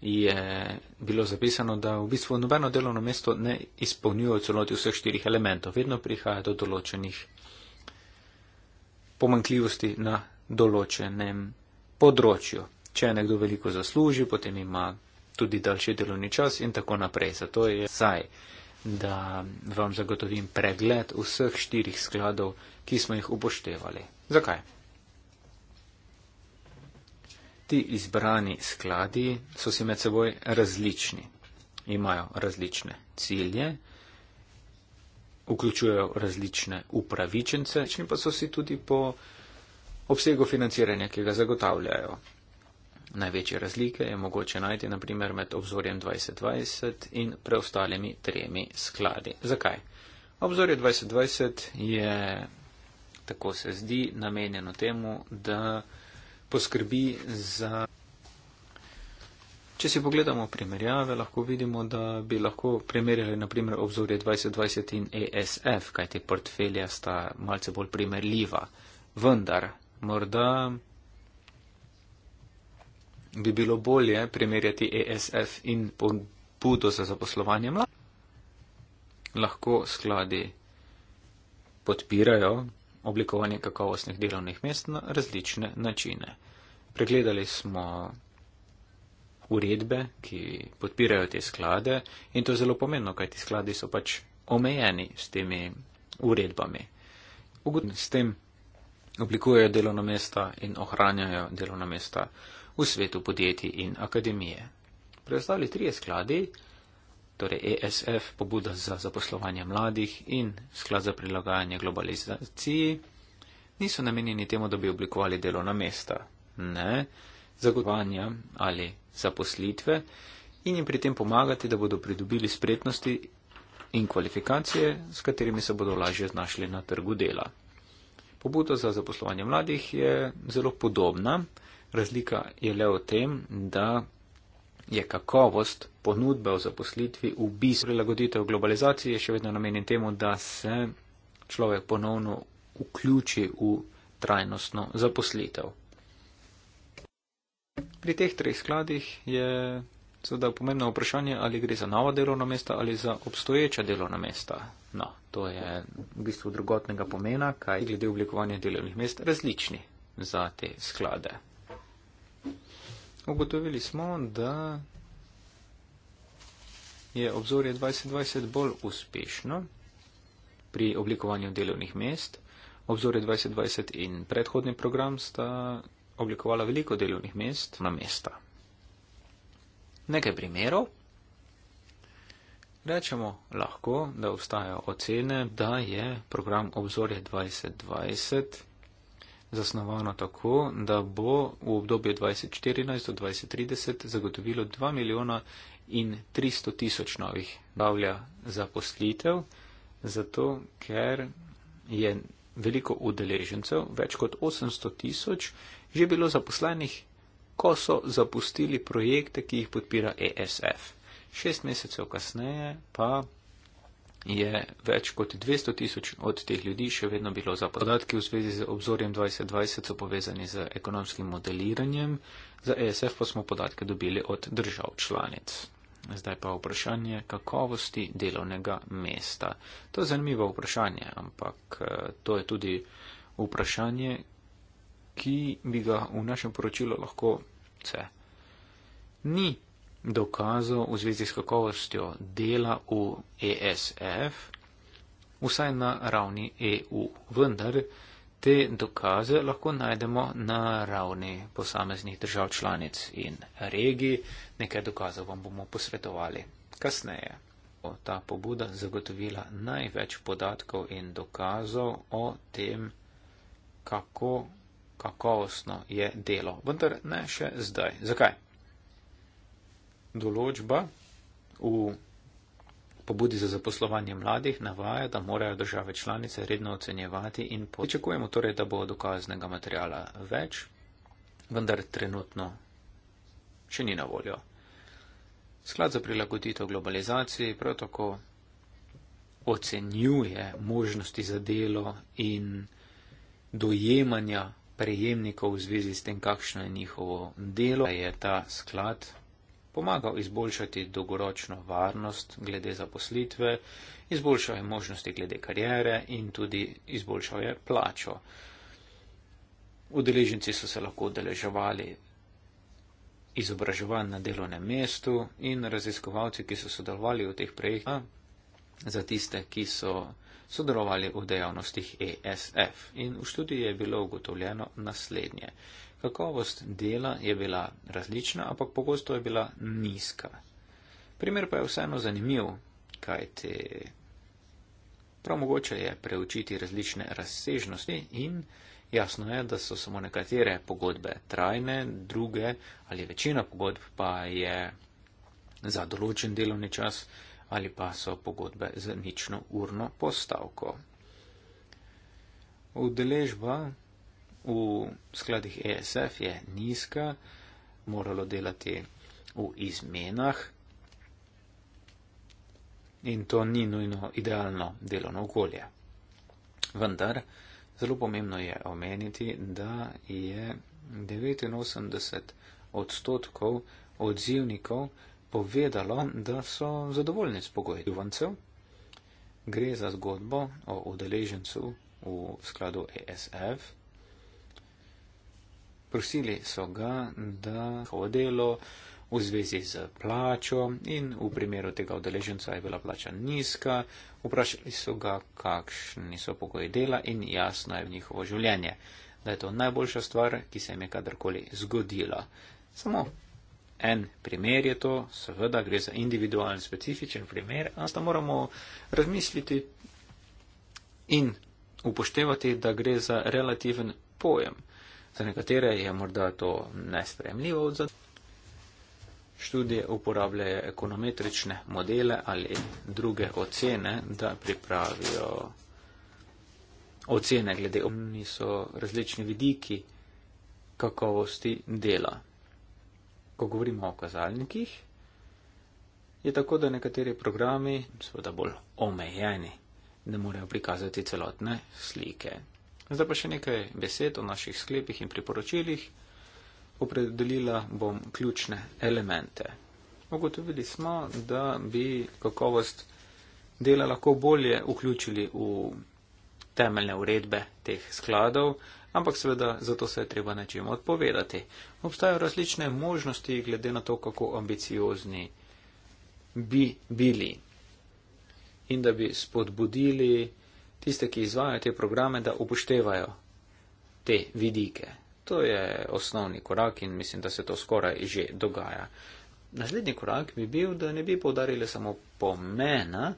je bilo zapisano, da v bistvu nobeno delovno mesto ne izpolnjuje celoti vseh štirih elementov. Vedno prihaja do določenih pomankljivosti na določenem področju. Če nekdo veliko zasluži, potem ima tudi daljši delovni čas in tako naprej. Zato je zdaj, da vam zagotovim pregled vseh štirih skladov, ki smo jih upoštevali. Zakaj? Ti izbrani skladi so si med seboj različni, imajo različne cilje, vključujejo različne upravičence, pa so si tudi po obsegu financiranja, ki ga zagotavljajo. Največje razlike je mogoče najti naprimer med obzorjem 2020 in preostalimi tremi skladi. Zakaj? Obzorje 2020 je, tako se zdi, namenjeno temu, da poskrbi za. Če si pogledamo primerjave, lahko vidimo, da bi lahko primerjali naprimer obzorje 2020 in ESF, kajti portfelja sta malce bolj primerljiva. Vendar morda bi bilo bolje primerjati ESF in pobudo za zaposlovanje mladih. Lahko skladi podpirajo oblikovanje kakovostnih delovnih mest na različne načine. Pregledali smo uredbe, ki podpirajo te sklade in to je zelo pomembno, kajti skladi so pač omejeni s temi uredbami. Ugodno s tem oblikujejo delovna mesta in ohranjajo delovna mesta v svetu podjetij in akademije. Predstavili trije skladi, torej ESF, pobuda za zaposlovanje mladih in sklad za prilagajanje globalizaciji, niso namenjeni temu, da bi oblikovali delovna mesta, ne, zagotovanja ali zaposlitve in jim pri tem pomagati, da bodo pridobili spretnosti in kvalifikacije, s katerimi se bodo lažje znašli na trgu dela. Pobudo za zaposlovanje mladih je zelo podobna. Razlika je le v tem, da je kakovost ponudbe o zaposlitvi v bistvu prilagoditev globalizaciji, je še vedno namenjen temu, da se človek ponovno vključi v trajnostno zaposlitev. Pri teh treh skladih je Seveda je pomembno vprašanje, ali gre za nova delovna mesta ali za obstoječa delovna mesta. No, to je v bistvu drugotnega pomena, kaj glede oblikovanja delovnih mest različni za te sklade. Ugotovili smo, da je obzorje 2020 bolj uspešno pri oblikovanju delovnih mest. Obzorje 2020 in predhodni program sta oblikovala veliko delovnih mest na mesta nekaj primerov. Rečemo lahko, da obstajajo ocene, da je program obzorje 2020 zasnovano tako, da bo v obdobju 2014 do 2030 zagotovilo 2 milijona in 300 tisoč novih bavlja zaposlitev, zato ker je veliko udeležencev, več kot 800 tisoč, že bilo zaposlenih ko so zapustili projekte, ki jih podpira ESF. Šest mesecev kasneje pa je več kot 200 tisoč od teh ljudi še vedno bilo za podatki v zvezi z obzorjem 2020, so povezani z ekonomskim modeliranjem, za ESF pa smo podatke dobili od držav članic. Zdaj pa vprašanje kakovosti delovnega mesta. To je zanimivo vprašanje, ampak eh, to je tudi vprašanje, ki bi ga v našem poročilu lahko hrbce. Ni dokazov v zvezi s kakovostjo dela v ESF, vsaj na ravni EU, vendar te dokaze lahko najdemo na ravni posameznih držav članic in regij, nekaj dokazov vam bomo posvetovali kasneje. Ta pobuda zagotovila največ podatkov in dokazov o tem, kako kakovostno je delo, vendar ne še zdaj. Zakaj? Določba v pobudi za zaposlovanje mladih navaja, da morajo države članice redno ocenjevati in pričakujemo torej, da bo dokaznega materijala več, vendar trenutno še ni na voljo. Sklad za prilagoditev globalizaciji prav tako ocenjuje možnosti za delo in dojemanja prejemnikov v zvezi s tem, kakšno je njihovo delo, da je ta sklad pomagal izboljšati dolgoročno varnost glede zaposlitve, izboljšal je možnosti glede karijere in tudi izboljšal je plačo. Udeleženci so se lahko udeleževali izobraževanj na delovnem mestu in raziskovalci, ki so sodelovali v teh projektih, za tiste, ki so sodelovali v dejavnostih ESF in v študiji je bilo ugotovljeno naslednje. Kakovost dela je bila različna, ampak pogosto je bila nizka. Primer pa je vseeno zanimiv, kajte prav mogoče je preučiti različne razsežnosti in jasno je, da so samo nekatere pogodbe trajne, druge ali večina pogodb pa je za določen delovni čas ali pa so pogodbe z nično urno postavko. Udeležba v skladih ESF je nizka, moralo delati v izmenah in to ni nujno idealno delovno okolje. Vendar zelo pomembno je omeniti, da je 89 odstotkov odzivnikov povedalo, da so zadovoljni s pogoji duvancev. Gre za zgodbo o udeležencu v skladu ESF. Prosili so ga, da njihovo delo v zvezi z plačo in v primeru tega udeleženca je bila plača nizka. Vprašali so ga, kakšni so pogoji dela in jasno je v njihovo življenje, da je to najboljša stvar, ki se jim je kadarkoli zgodila. Samo en primer je to, seveda gre za individualen specifičen primer, ampak moramo razmisliti in upoštevati, da gre za relativen pojem. Za nekatere je morda to nespremljivo odzad. Študije uporabljajo ekonometrične modele ali druge ocene, da pripravijo ocene glede omni so različni vidiki kakovosti dela ko govorimo o kazalnikih, je tako, da nekateri programi, seveda bolj omejeni, ne morejo prikazati celotne slike. Zdaj pa še nekaj besed o naših sklepih in priporočilih. Opredelila bom ključne elemente. Ugotovili smo, da bi kakovost dela lahko bolje vključili v temeljne uredbe teh skladov, ampak seveda za to se je treba nečem odpovedati. Obstajajo različne možnosti, glede na to, kako ambiciozni bi bili. In da bi spodbudili tiste, ki izvajo te programe, da upoštevajo te vidike. To je osnovni korak in mislim, da se to skoraj že dogaja. Naslednji korak bi bil, da ne bi povdarili samo pomena,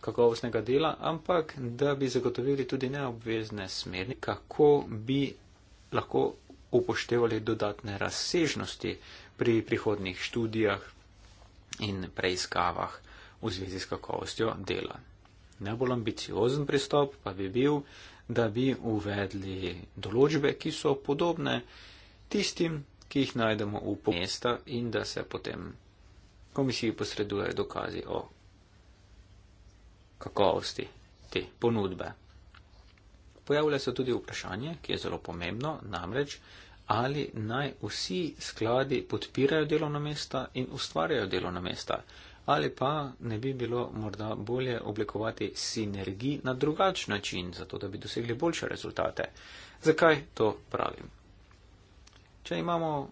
kakovostnega dela, ampak da bi zagotovili tudi neobvezne smernice, kako bi lahko upoštevali dodatne razsežnosti pri prihodnih študijah in preiskavah v zvezi s kakovostjo dela. Najbolj ambiciozen pristop pa bi bil, da bi uvedli določbe, ki so podobne tistim, ki jih najdemo v mesta in da se potem komisiji posreduje dokazi o kakovosti te ponudbe. Pojavlja se tudi vprašanje, ki je zelo pomembno, namreč, ali naj vsi skladi podpirajo delovna mesta in ustvarjajo delovna mesta, ali pa ne bi bilo morda bolje oblikovati sinergij na drugačen način, zato da bi dosegli boljše rezultate. Zakaj to pravim? Če imamo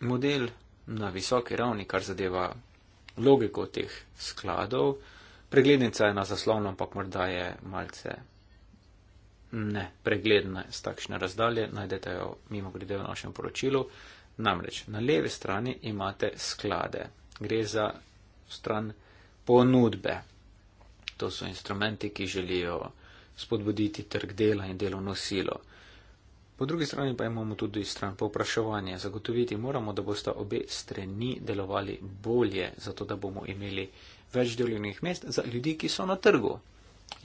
model na visoki ravni, kar zadeva logiko teh skladov. Preglednica je na zaslonu, ampak morda je malce ne pregledna z takšne razdalje. Najdete jo mimo grede v našem poročilu. Namreč na levi strani imate sklade. Gre za stran ponudbe. To so instrumenti, ki želijo spodbuditi trg dela in delovno silo. Po drugi strani pa imamo tudi stran povpraševanja. Zagotoviti moramo, da bosta obe strani delovali bolje, zato da bomo imeli več delovnih mest za ljudi, ki so na trgu.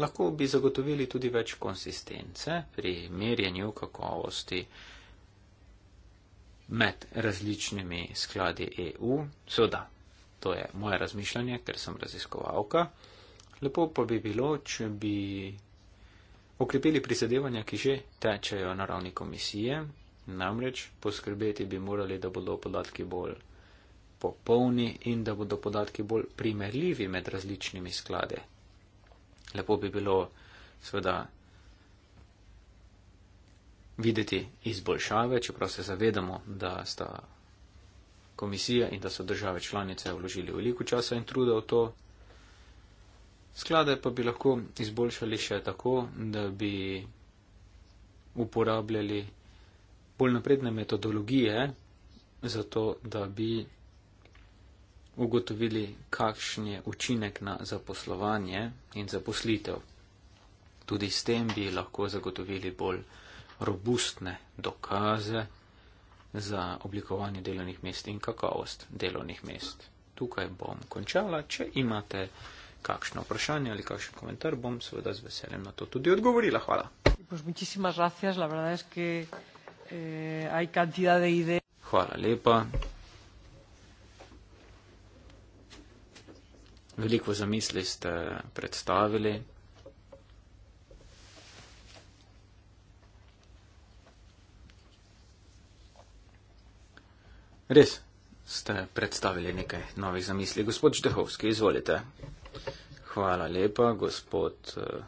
Lahko bi zagotovili tudi več konsistence pri merjenju kakovosti med različnimi skladi EU. Seveda, to je moje razmišljanje, ker sem raziskovalka. Lepo pa bi bilo, če bi okrepili prizadevanja, ki že tečejo na ravni komisije, namreč poskrbeti bi morali, da bodo podatki bolj popolni in da bodo podatki bolj primerljivi med različnimi sklade. Lepo bi bilo, seveda, videti izboljšave, čeprav se zavedamo, da sta komisija in da so države članice vložili veliko časa in truda v to, Sklade pa bi lahko izboljšali še tako, da bi uporabljali bolj napredne metodologije za to, da bi ugotovili, kakšen je učinek na zaposlovanje in zaposlitev. Tudi s tem bi lahko zagotovili bolj robustne dokaze za oblikovanje delovnih mest in kakovost delovnih mest. Tukaj bom končala, če imate kakšno vprašanje ali kakšen komentar, bom seveda z veseljem na to tudi odgovorila. Hvala. Eh, Hvala lepa. Veliko zamisli ste predstavili. Res ste predstavili nekaj novih zamisli. Gospod Štehovski, izvolite. Hvala lepa, gospod, eh,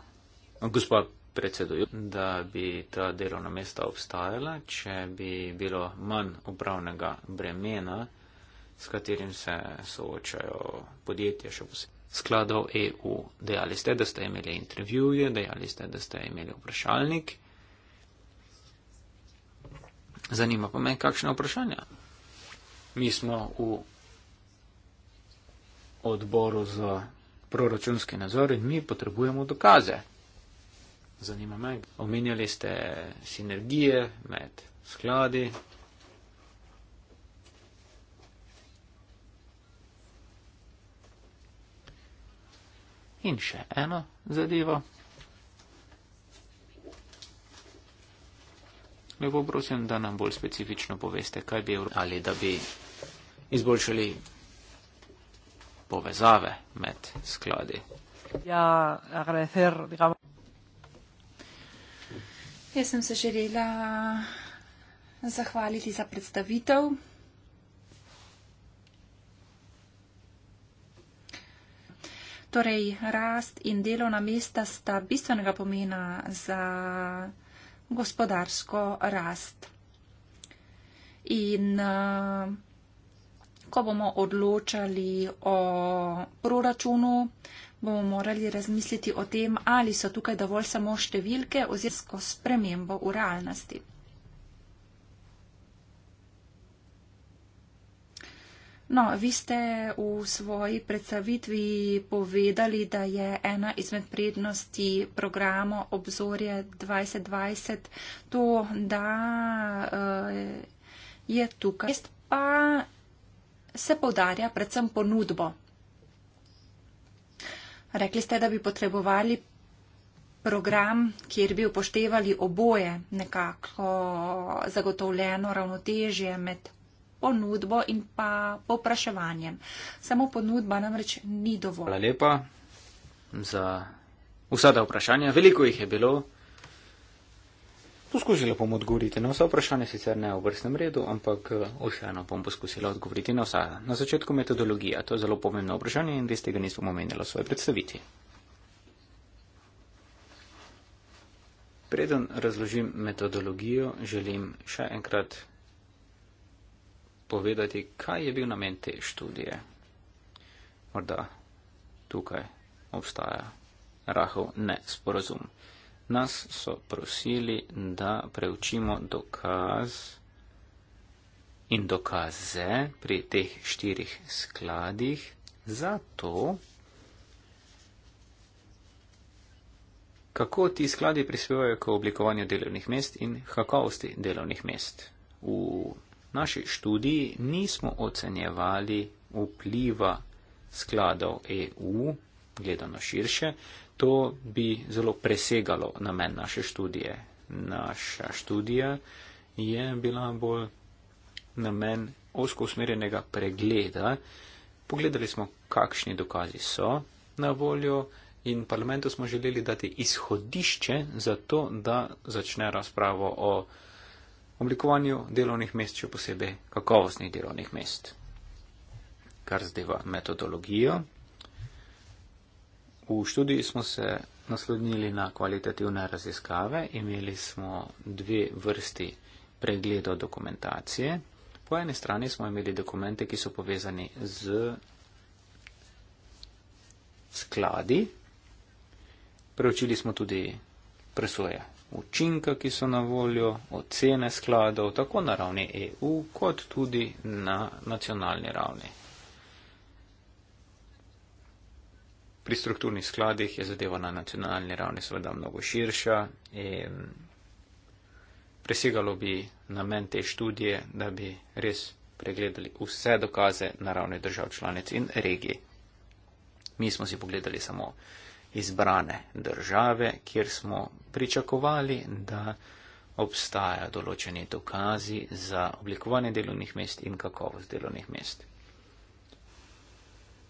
gospod predsedujoč, da bi ta delovna mesta obstajala, če bi bilo manj upravnega bremena, s katerim se soočajo podjetja še posebej. Skladov EU, dejali ste, da ste imeli intervjuje, dejali ste, da ste imeli vprašalnik. Zanima pa me, kakšne vprašanja. Mi smo v odboru za proračunski nazor in mi potrebujemo dokaze. Zanima me, omenjali ste sinergije med skladi. In še eno zadevo. Lepo prosim, da nam bolj specifično poveste, kaj bi ali da bi izboljšali povezave med skladi. Ja, agradecer, digamo. Jaz sem se želela zahvaliti za predstavitev. Torej, rast in delovna mesta sta bistvenega pomena za gospodarsko rast. In uh, ko bomo odločali o proračunu, bomo morali razmisliti o tem, ali so tukaj dovolj samo številke oziroma spremembo v realnosti. No, vi ste v svoji predstavitvi povedali, da je ena izmed prednosti programa Obzorje 2020 to, da uh, je tukaj. Pa se povdarja predvsem ponudbo. Rekli ste, da bi potrebovali program, kjer bi upoštevali oboje, nekako zagotovljeno ravnotežje med ponudbo in pa popraševanjem. Samo ponudba namreč ni dovolj. Hvala lepa za vsa ta vprašanja. Veliko jih je bilo. Poskušala bom odgovoriti na vsa vprašanja, sicer ne v vrstnem redu, ampak eh, vseeno bom poskusila odgovoriti na vsa. Na začetku metodologija, to je zelo pomembno vprašanje in res tega nismo omenjali v svoji predstaviti. Preden razložim metodologijo, želim še enkrat povedati, kaj je bil namen te študije. Morda tukaj obstaja rahel nesporazum nas so prosili, da preučimo dokaz in dokaze pri teh štirih skladih, zato kako ti skladi prispevajo k oblikovanju delovnih mest in kakovosti delovnih mest. V naši študiji nismo ocenjevali vpliva skladov EU, gledano širše, To bi zelo presegalo namen naše študije. Naša študija je bila bolj namen osko usmerjenega pregleda. Pogledali smo, kakšni dokazi so na voljo in parlamentu smo želeli dati izhodišče za to, da začne razpravo o oblikovanju delovnih mest, še posebej kakovostnih delovnih mest. Kar zdaj v metodologijo, V študiji smo se naslednili na kvalitativne raziskave, imeli smo dve vrsti pregleda dokumentacije. Po eni strani smo imeli dokumente, ki so povezani z skladi, preučili smo tudi presoje učinka, ki so na voljo, ocene skladov, tako na ravni EU, kot tudi na nacionalni ravni. pri strukturnih skladih je zadeva na nacionalni ravni seveda mnogo širša in presegalo bi namen te študije, da bi res pregledali vse dokaze na ravni držav članic in regij. Mi smo si pogledali samo izbrane države, kjer smo pričakovali, da obstaja določeni dokazi za oblikovanje delovnih mest in kakovost delovnih mest.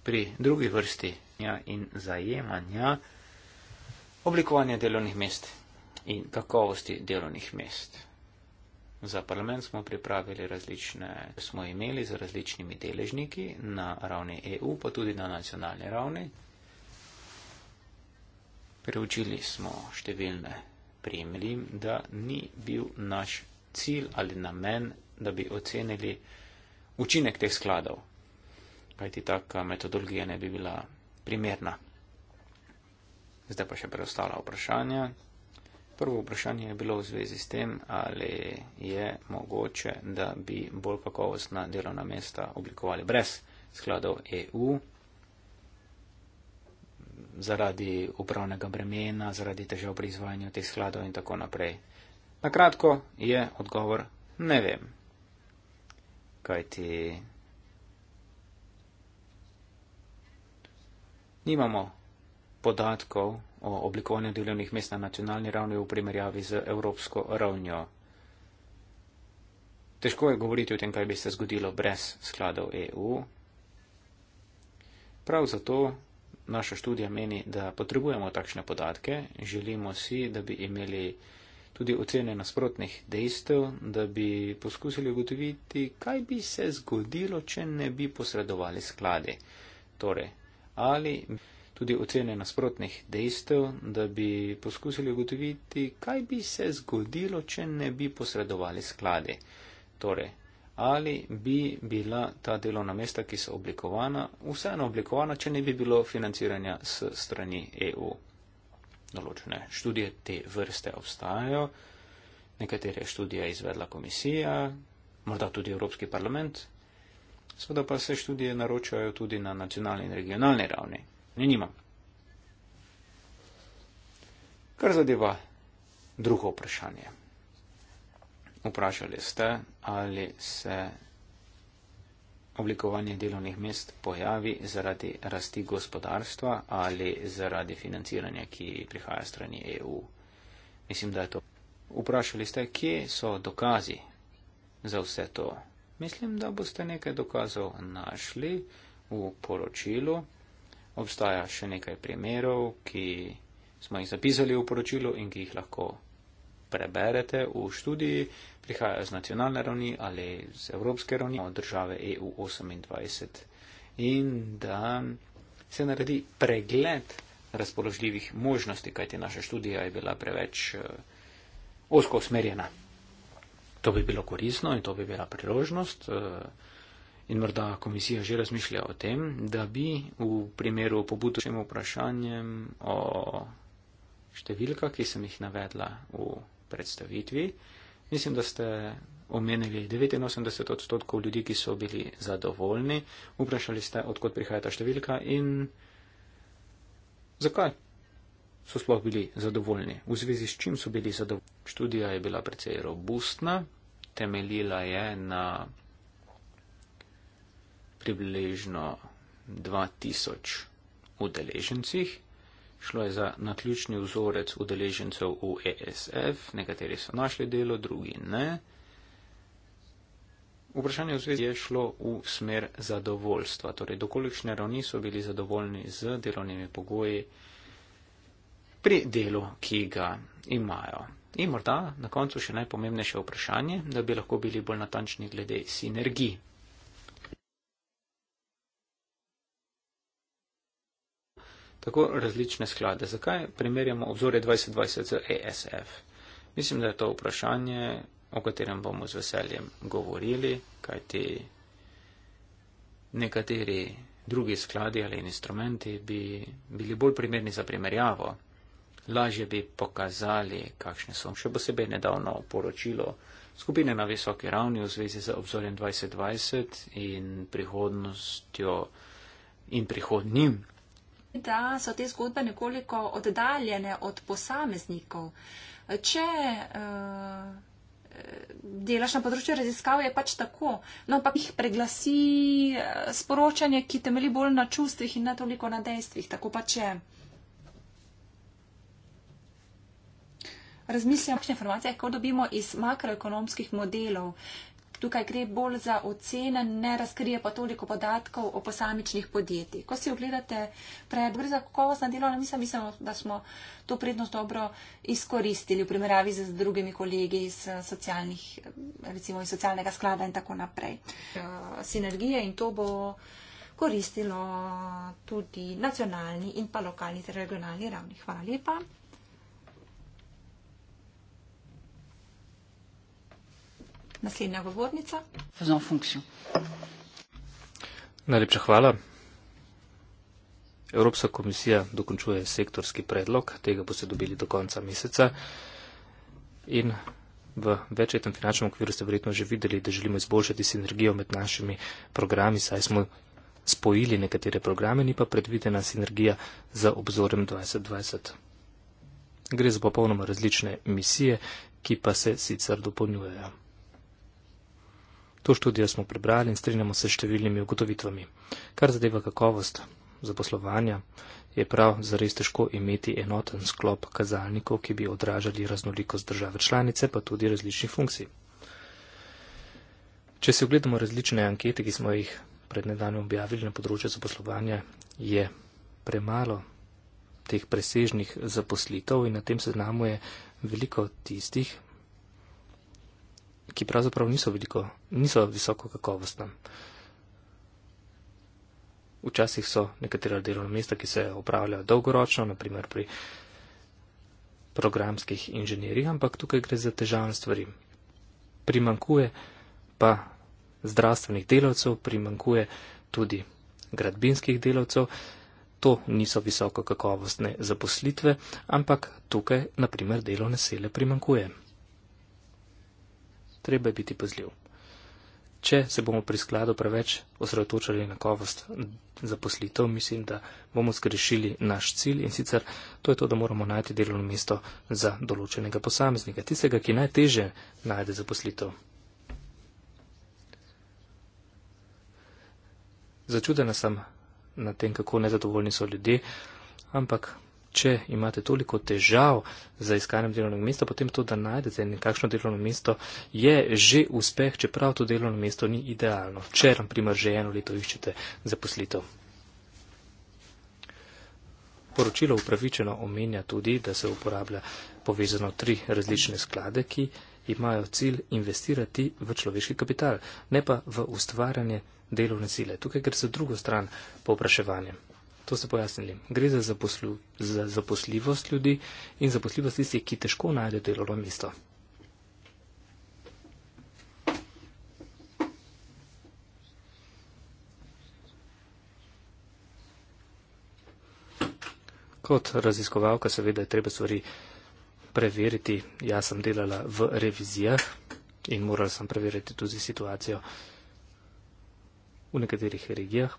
Pri drugi vrsti zaupanja in zajemanja oblikovanja delovnih mest in kakovosti delovnih mest. Za parlament smo pripravili različne, smo imeli z različnimi deležniki na ravni EU, pa tudi na nacionalni ravni. Preučili smo številne primeri, da ni bil naš cilj ali namen, da bi ocenili učinek teh skladov. Kajti taka metodologija ne bi bila primerna. Zdaj pa še preostala vprašanja. Prvo vprašanje je bilo v zvezi s tem, ali je mogoče, da bi bolj kakovostna delovna mesta oblikovali brez skladov EU zaradi upravnega bremena, zaradi težav pri izvajanju teh skladov in tako naprej. Na kratko je odgovor ne vem. Kajti Nimamo podatkov o oblikovanju delovnih mest na nacionalni ravni v primerjavi z evropsko ravnjo. Težko je govoriti o tem, kaj bi se zgodilo brez skladov EU. Prav zato naša študija meni, da potrebujemo takšne podatke. Želimo si, da bi imeli tudi ocene nasprotnih dejstev, da bi poskusili ugotoviti, kaj bi se zgodilo, če ne bi posredovali sklade. Torej, ali tudi ocene nasprotnih dejstev, da bi poskusili ugotoviti, kaj bi se zgodilo, če ne bi posredovali skladi. Torej, ali bi bila ta delovna mesta, ki so oblikovana, vseeno oblikovana, če ne bi bilo financiranja s strani EU. Določene študije te vrste obstajajo, nekatere študije je izvedla komisija, morda tudi Evropski parlament, Seveda pa se študije naročajo tudi na nacionalni in regionalni ravni. Ne nimam. Kar zadeva drugo vprašanje. Vprašali ste, ali se oblikovanje delovnih mest pojavi zaradi rasti gospodarstva ali zaradi financiranja, ki prihaja strani EU. Mislim, da je to. Vprašali ste, kje so dokazi za vse to Mislim, da boste nekaj dokazov našli v poročilu. Obstaja še nekaj primerov, ki smo jih zapisali v poročilu in ki jih lahko preberete v študiji, prihajajo z nacionalne ravni ali z evropske ravni od države EU28. In da se naredi pregled razpoložljivih možnosti, kajti naša študija je bila preveč eh, osko usmerjena to bi bilo korisno in to bi bila priložnost. Eh, in morda komisija že razmišlja o tem, da bi v primeru pobudu s tem vprašanjem o številkah, ki sem jih navedla v predstavitvi, mislim, da ste omenili 89 odstotkov ljudi, ki so bili zadovoljni, vprašali ste, odkot prihaja ta številka in zakaj so sploh bili zadovoljni, v zvezi s čim so bili zadovoljni. Študija je bila precej robustna, temeljila je na približno 2000 udeležencih. Šlo je za naključni vzorec udeležencev v ESF, nekateri so našli delo, drugi ne. Vprašanje v zvezi je šlo v smer zadovoljstva, torej dokolikšne ravni so bili zadovoljni z delovnimi pogoji pri delu, ki ga imajo. In morda na koncu še najpomembnejše vprašanje, da bi lahko bili bolj natančni glede sinergij. Tako različne sklade. Zakaj primerjamo obzore 2020 z ESF? Mislim, da je to vprašanje, o katerem bomo z veseljem govorili, kajti nekateri drugi skladi ali instrumenti bi bili bolj primerni za primerjavo lažje bi pokazali, kakšne so. Še posebej nedavno poročilo skupine na visoki ravni v zvezi z obzorjem 2020 in prihodnostjo in prihodnim. Da so te zgodbe nekoliko oddaljene od posameznikov. Če uh, delaš na področju raziskav, je pač tako. No, pa jih preglasi eh, sporočanje, ki temeli bolj na čustvih in ne toliko na dejstvih. Tako pa če. razmišljamo, kakšne informacije lahko dobimo iz makroekonomskih modelov. Tukaj gre bolj za ocene, ne razkrije pa toliko podatkov o posamičnih podjetjih. Ko si ogledate predvrz za kakovostna delovna mesta, mislim, da smo to prednost dobro izkoristili v primerjavi z drugimi kolegi iz, eh, socialnih, eh, recimo, iz socialnega sklada in tako naprej. Eh, sinergije in to bo koristilo tudi nacionalni in pa lokalni ter regionalni ravni. Hvala lepa. Naslednja govornica. Najlepša hvala. Evropska komisija dokončuje sektorski predlog, tega boste dobili do konca meseca. In v večletnem finančnem okviru ste verjetno že videli, da želimo izboljšati sinergijo med našimi programi, saj smo spojili nekatere programe, ni pa predvidena sinergija za obzorem 2020. Gre za popolnoma različne misije, ki pa se sicer dopolnjujejo. To študijo smo prebrali in strinjamo se s številnimi ugotovitvami. Kar zadeva kakovost zaposlovanja, je prav zares težko imeti enoten sklop kazalnikov, ki bi odražali raznolikost države članice, pa tudi različnih funkcij. Če se ogledamo različne ankete, ki smo jih pred nedavnim objavili na področju zaposlovanja, je premalo teh presežnih zaposlitev in na tem seznamu je veliko tistih, ki pravzaprav niso, veliko, niso visoko kakovostna. Včasih so nekatera delovna mesta, ki se upravljajo dolgoročno, naprimer pri programskih inženirjih, ampak tukaj gre za težavne stvari. Primankuje pa zdravstvenih delavcev, primankuje tudi gradbinskih delavcev. To niso visoko kakovostne zaposlitve, ampak tukaj, naprimer, delovne sile primankuje treba je biti pazljiv. Če se bomo pri skladu preveč osredotočali na kakovost zaposlitev, mislim, da bomo skrešili naš cilj in sicer to je to, da moramo najti delovno mesto za določenega posameznika, tistega, ki najteže najde zaposlitev. Začudena sem na tem, kako nezadovoljni so ljudje, ampak če imate toliko težav za iskanjem delovnega mesta, potem to, da najdete nekakšno delovno mesto, je že uspeh, čeprav to delovno mesto ni idealno. Če, na primer, že eno leto iščete zaposlitev. Poročilo upravičeno omenja tudi, da se uporablja povezano tri različne sklade, ki imajo cilj investirati v človeški kapital, ne pa v ustvarjanje delovne sile. Tukaj gre za drugo stran povpraševanja. Po To se pojasnili. Gre za, zaposlu, za zaposljivost ljudi in zaposljivost tistih, ki težko najde delovno mesto. Kot raziskovalka seveda je treba stvari preveriti. Jaz sem delala v revizijah in morala sem preveriti tudi situacijo v nekaterih regijah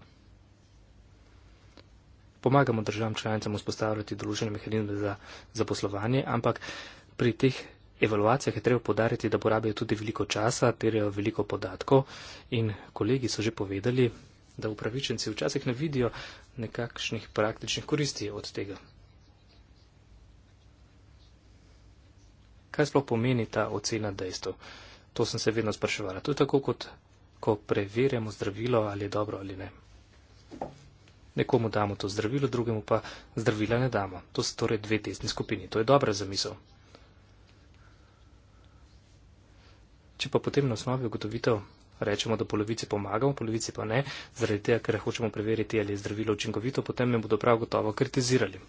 pomagamo državam članicam vzpostavljati družene mehanizme za zaposlovanje, ampak pri teh evaluacijah je treba podariti, da porabijo tudi veliko časa, terjajo veliko podatkov in kolegi so že povedali, da upravičenci včasih ne vidijo nekakšnih praktičnih koristi od tega. Kaj sploh pomeni ta ocena dejstev? To sem se vedno spraševala. To je tako kot, ko preverjamo zdravilo, ali je dobro ali ne. Thank you nekomu damo to zdravilo, drugemu pa zdravila ne damo. To so torej dve tesni skupini. To je dobra zamisel. Če pa potem na osnovi ugotovitev rečemo, da polovici pomagamo, polovici pa ne, zaradi tega, ker hočemo preveriti, ali je zdravilo učinkovito, potem me bodo prav gotovo kritizirali.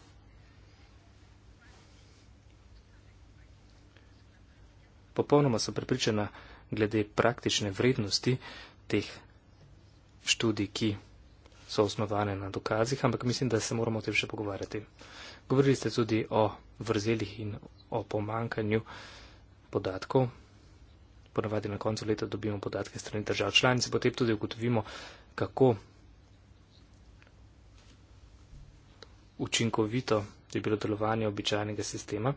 Popolnoma sem prepričana glede praktične vrednosti teh študij, ki so osnovane na dokazih, ampak mislim, da se moramo o tem še pogovarjati. Govorili ste tudi o vrzelih in o pomankanju podatkov. Ponavadi na koncu leta dobimo podatke strani držav članic, potem tudi ugotovimo, kako učinkovito je bilo delovanje običajnega sistema.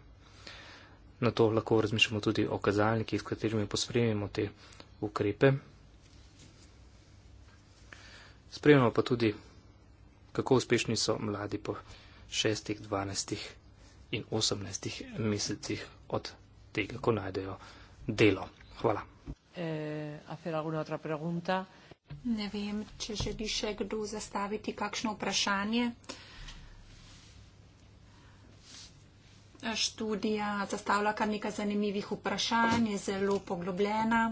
Na to lahko razmišljamo tudi o kazalnikih, s katerimi pospremimo te ukrepe. Spremljamo pa tudi, kako uspešni so mladi po 6, 12 in 18 mesecih od tega, ko najdejo delo. Hvala. E, ne vem, če želi še kdo zastaviti kakšno vprašanje. Študija zastavlja kar nekaj zanimivih vprašanj, je zelo poglobljena.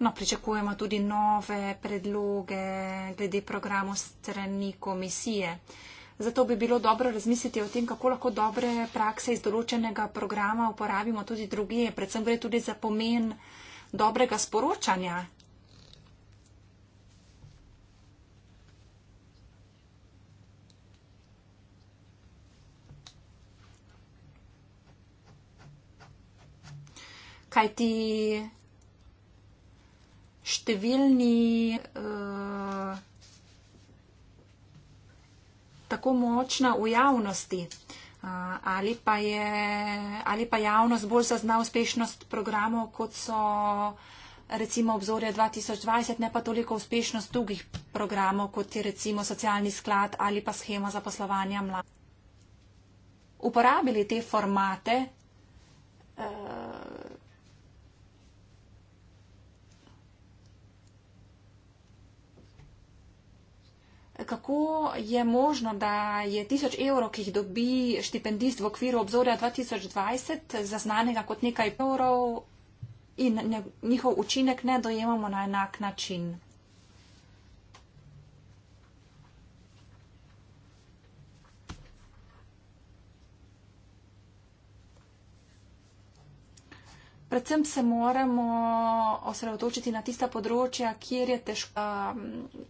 No, pričakujemo tudi nove predloge glede programov strani komisije. Zato bi bilo dobro razmisliti o tem, kako lahko dobre prakse iz določenega programa uporabimo tudi druge. Predvsem gre tudi za pomen dobrega sporočanja. Kaj ti številni, eh, tako močna v javnosti. Eh, ali pa, je, ali pa javnost bolj zazna uspešnost programov, kot so recimo obzorje 2020, ne pa toliko uspešnost drugih programov, kot je recimo socialni sklad ali pa schema za poslovanje mladih. Uporabili te formate. Uh, kako je možno, da je tisoč evrov, ki jih dobi štipendist v okviru obzorja 2020, zaznanega kot nekaj evrov in njihov učinek ne dojemamo na enak način. predvsem se moramo osredotočiti na tista področja, kjer je težko,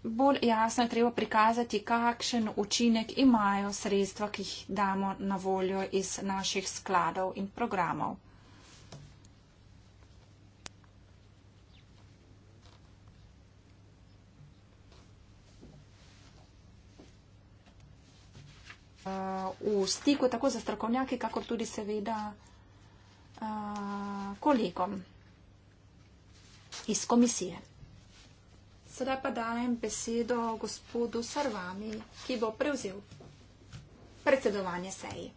bolj jasno je treba prikazati, kakšen učinek imajo sredstva, ki jih damo na voljo iz naših skladov in programov. V stiku tako za strokovnjaki, kakor tudi seveda kolegom iz komisije. Sedaj pa dajem besedo gospodu Sarvami, ki bo prevzel predsedovanje seji.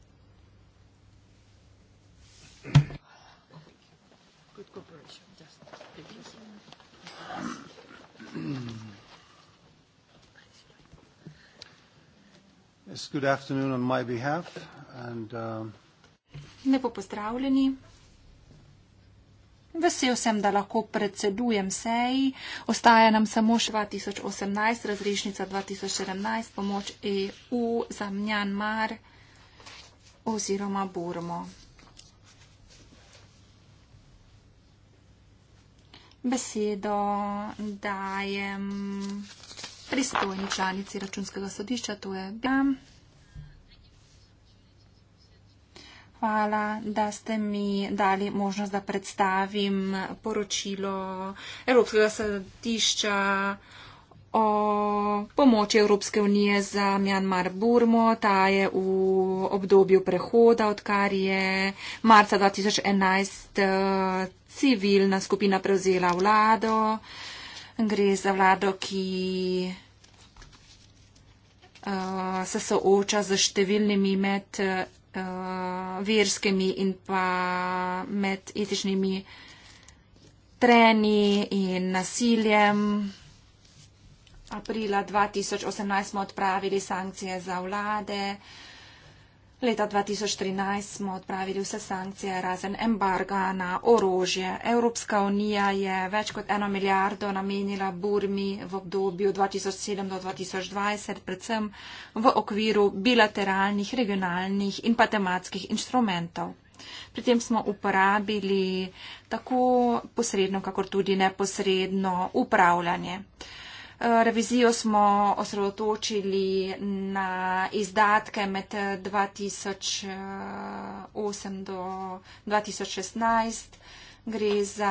Yes, good afternoon on my behalf and um, Lepo pozdravljeni Vesel sem, da lahko predsedujem seji. Ostaja nam samo še 2018, razrešnica 2017, pomoč EU za Mjanmar oziroma Burmo. Besedo dajem pristojni članici računskega sodišča, to je. Ja. hvala, da ste mi dali možnost, da predstavim poročilo Evropskega sodišča o pomoči Evropske unije za Mjanmar Burmo. Ta je v obdobju prehoda, odkar je marca 2011 eh, civilna skupina prevzela vlado. Gre za vlado, ki eh, se sooča z številnimi med uh, verskimi in pa med etičnimi trenji in nasiljem. Aprila 2018 smo odpravili sankcije za vlade. Uh, Leta 2013 smo odpravili vse sankcije razen embarga na orožje. Evropska unija je več kot eno milijardo namenila Burmi v obdobju 2007 do 2020, predvsem v okviru bilateralnih, regionalnih in pa tematskih inštrumentov. Pri tem smo uporabili tako posredno, kakor tudi neposredno upravljanje. Uh, Revizijo smo osredotočili na izdatke med 2008 eh, eh, do 2016. Gre za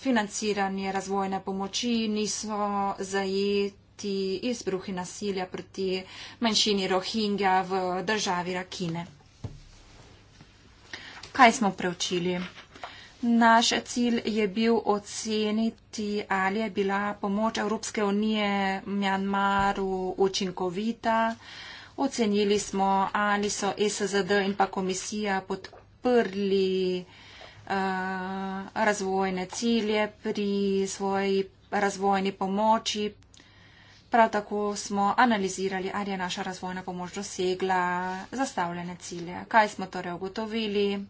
financiranje razvojne pomoči, niso zajeti izbruhi nasilja proti manjšini Rohingja v državi Rakine. Kaj smo preučili? Naš cilj je bil oceniti, ali je bila pomoč Evropske unije Mjanmaru učinkovita. Ocenili smo, ali so SZD in pa komisija podprli uh, razvojne cilje pri svoji razvojni pomoči. Prav tako smo analizirali, ali je naša razvojna pomoč dosegla zastavljene cilje. Kaj smo torej ugotovili?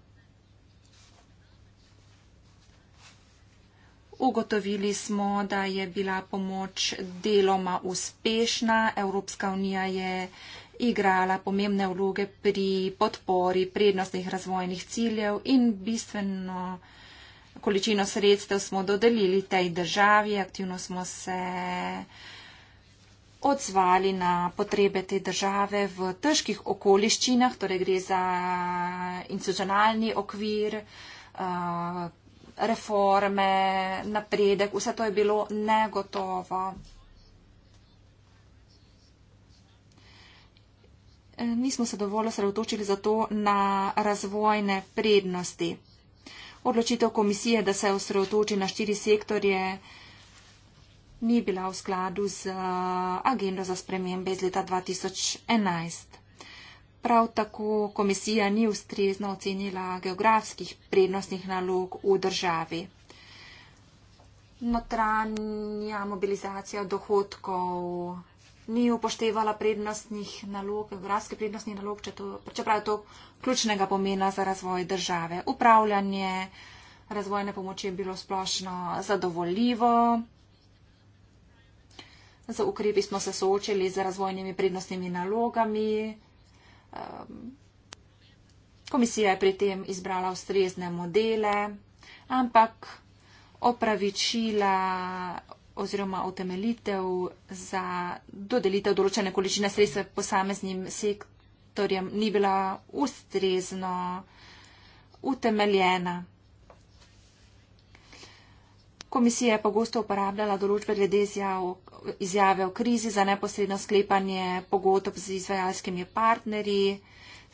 Ugotovili smo, da je bila pomoč deloma uspešna. Evropska unija je igrala pomembne vloge pri podpori prednostnih razvojnih ciljev in bistveno količino sredstev smo dodelili tej državi. Aktivno smo se odzvali na potrebe te države v težkih okoliščinah, torej gre za institucionalni okvir, eh, reforme, napredek, vse to je bilo negotovo. Nismo se dovolj osredotočili zato na razvojne prednosti. Odločitev komisije, da se osredotoči na štiri sektorje, ni bila v skladu z eh, agendo za spremembe iz leta 2011. Prav tako komisija ni ustrezno ocenila geografskih prednostnih nalog v državi. Notranja mobilizacija dohodkov ni upoštevala prednostnih nalog, geografske prednostnih nalog, čeprav je to ključnega pomena za razvoj države. Upravljanje razvojne pomoči je bilo splošno zadovoljivo. Za ukrepi smo se soočili z razvojnimi prednostnimi nalogami um, komisija je pri tem izbrala ustrezne modele, ampak opravičila oziroma utemelitev za dodelitev določene količine sredstva posameznim sektorjem ni bila ustrezno utemeljena. Komisija je pogosto uporabljala določbe glede izjav, izjave o krizi za neposredno sklepanje pogodb z izvajalskimi partnerji.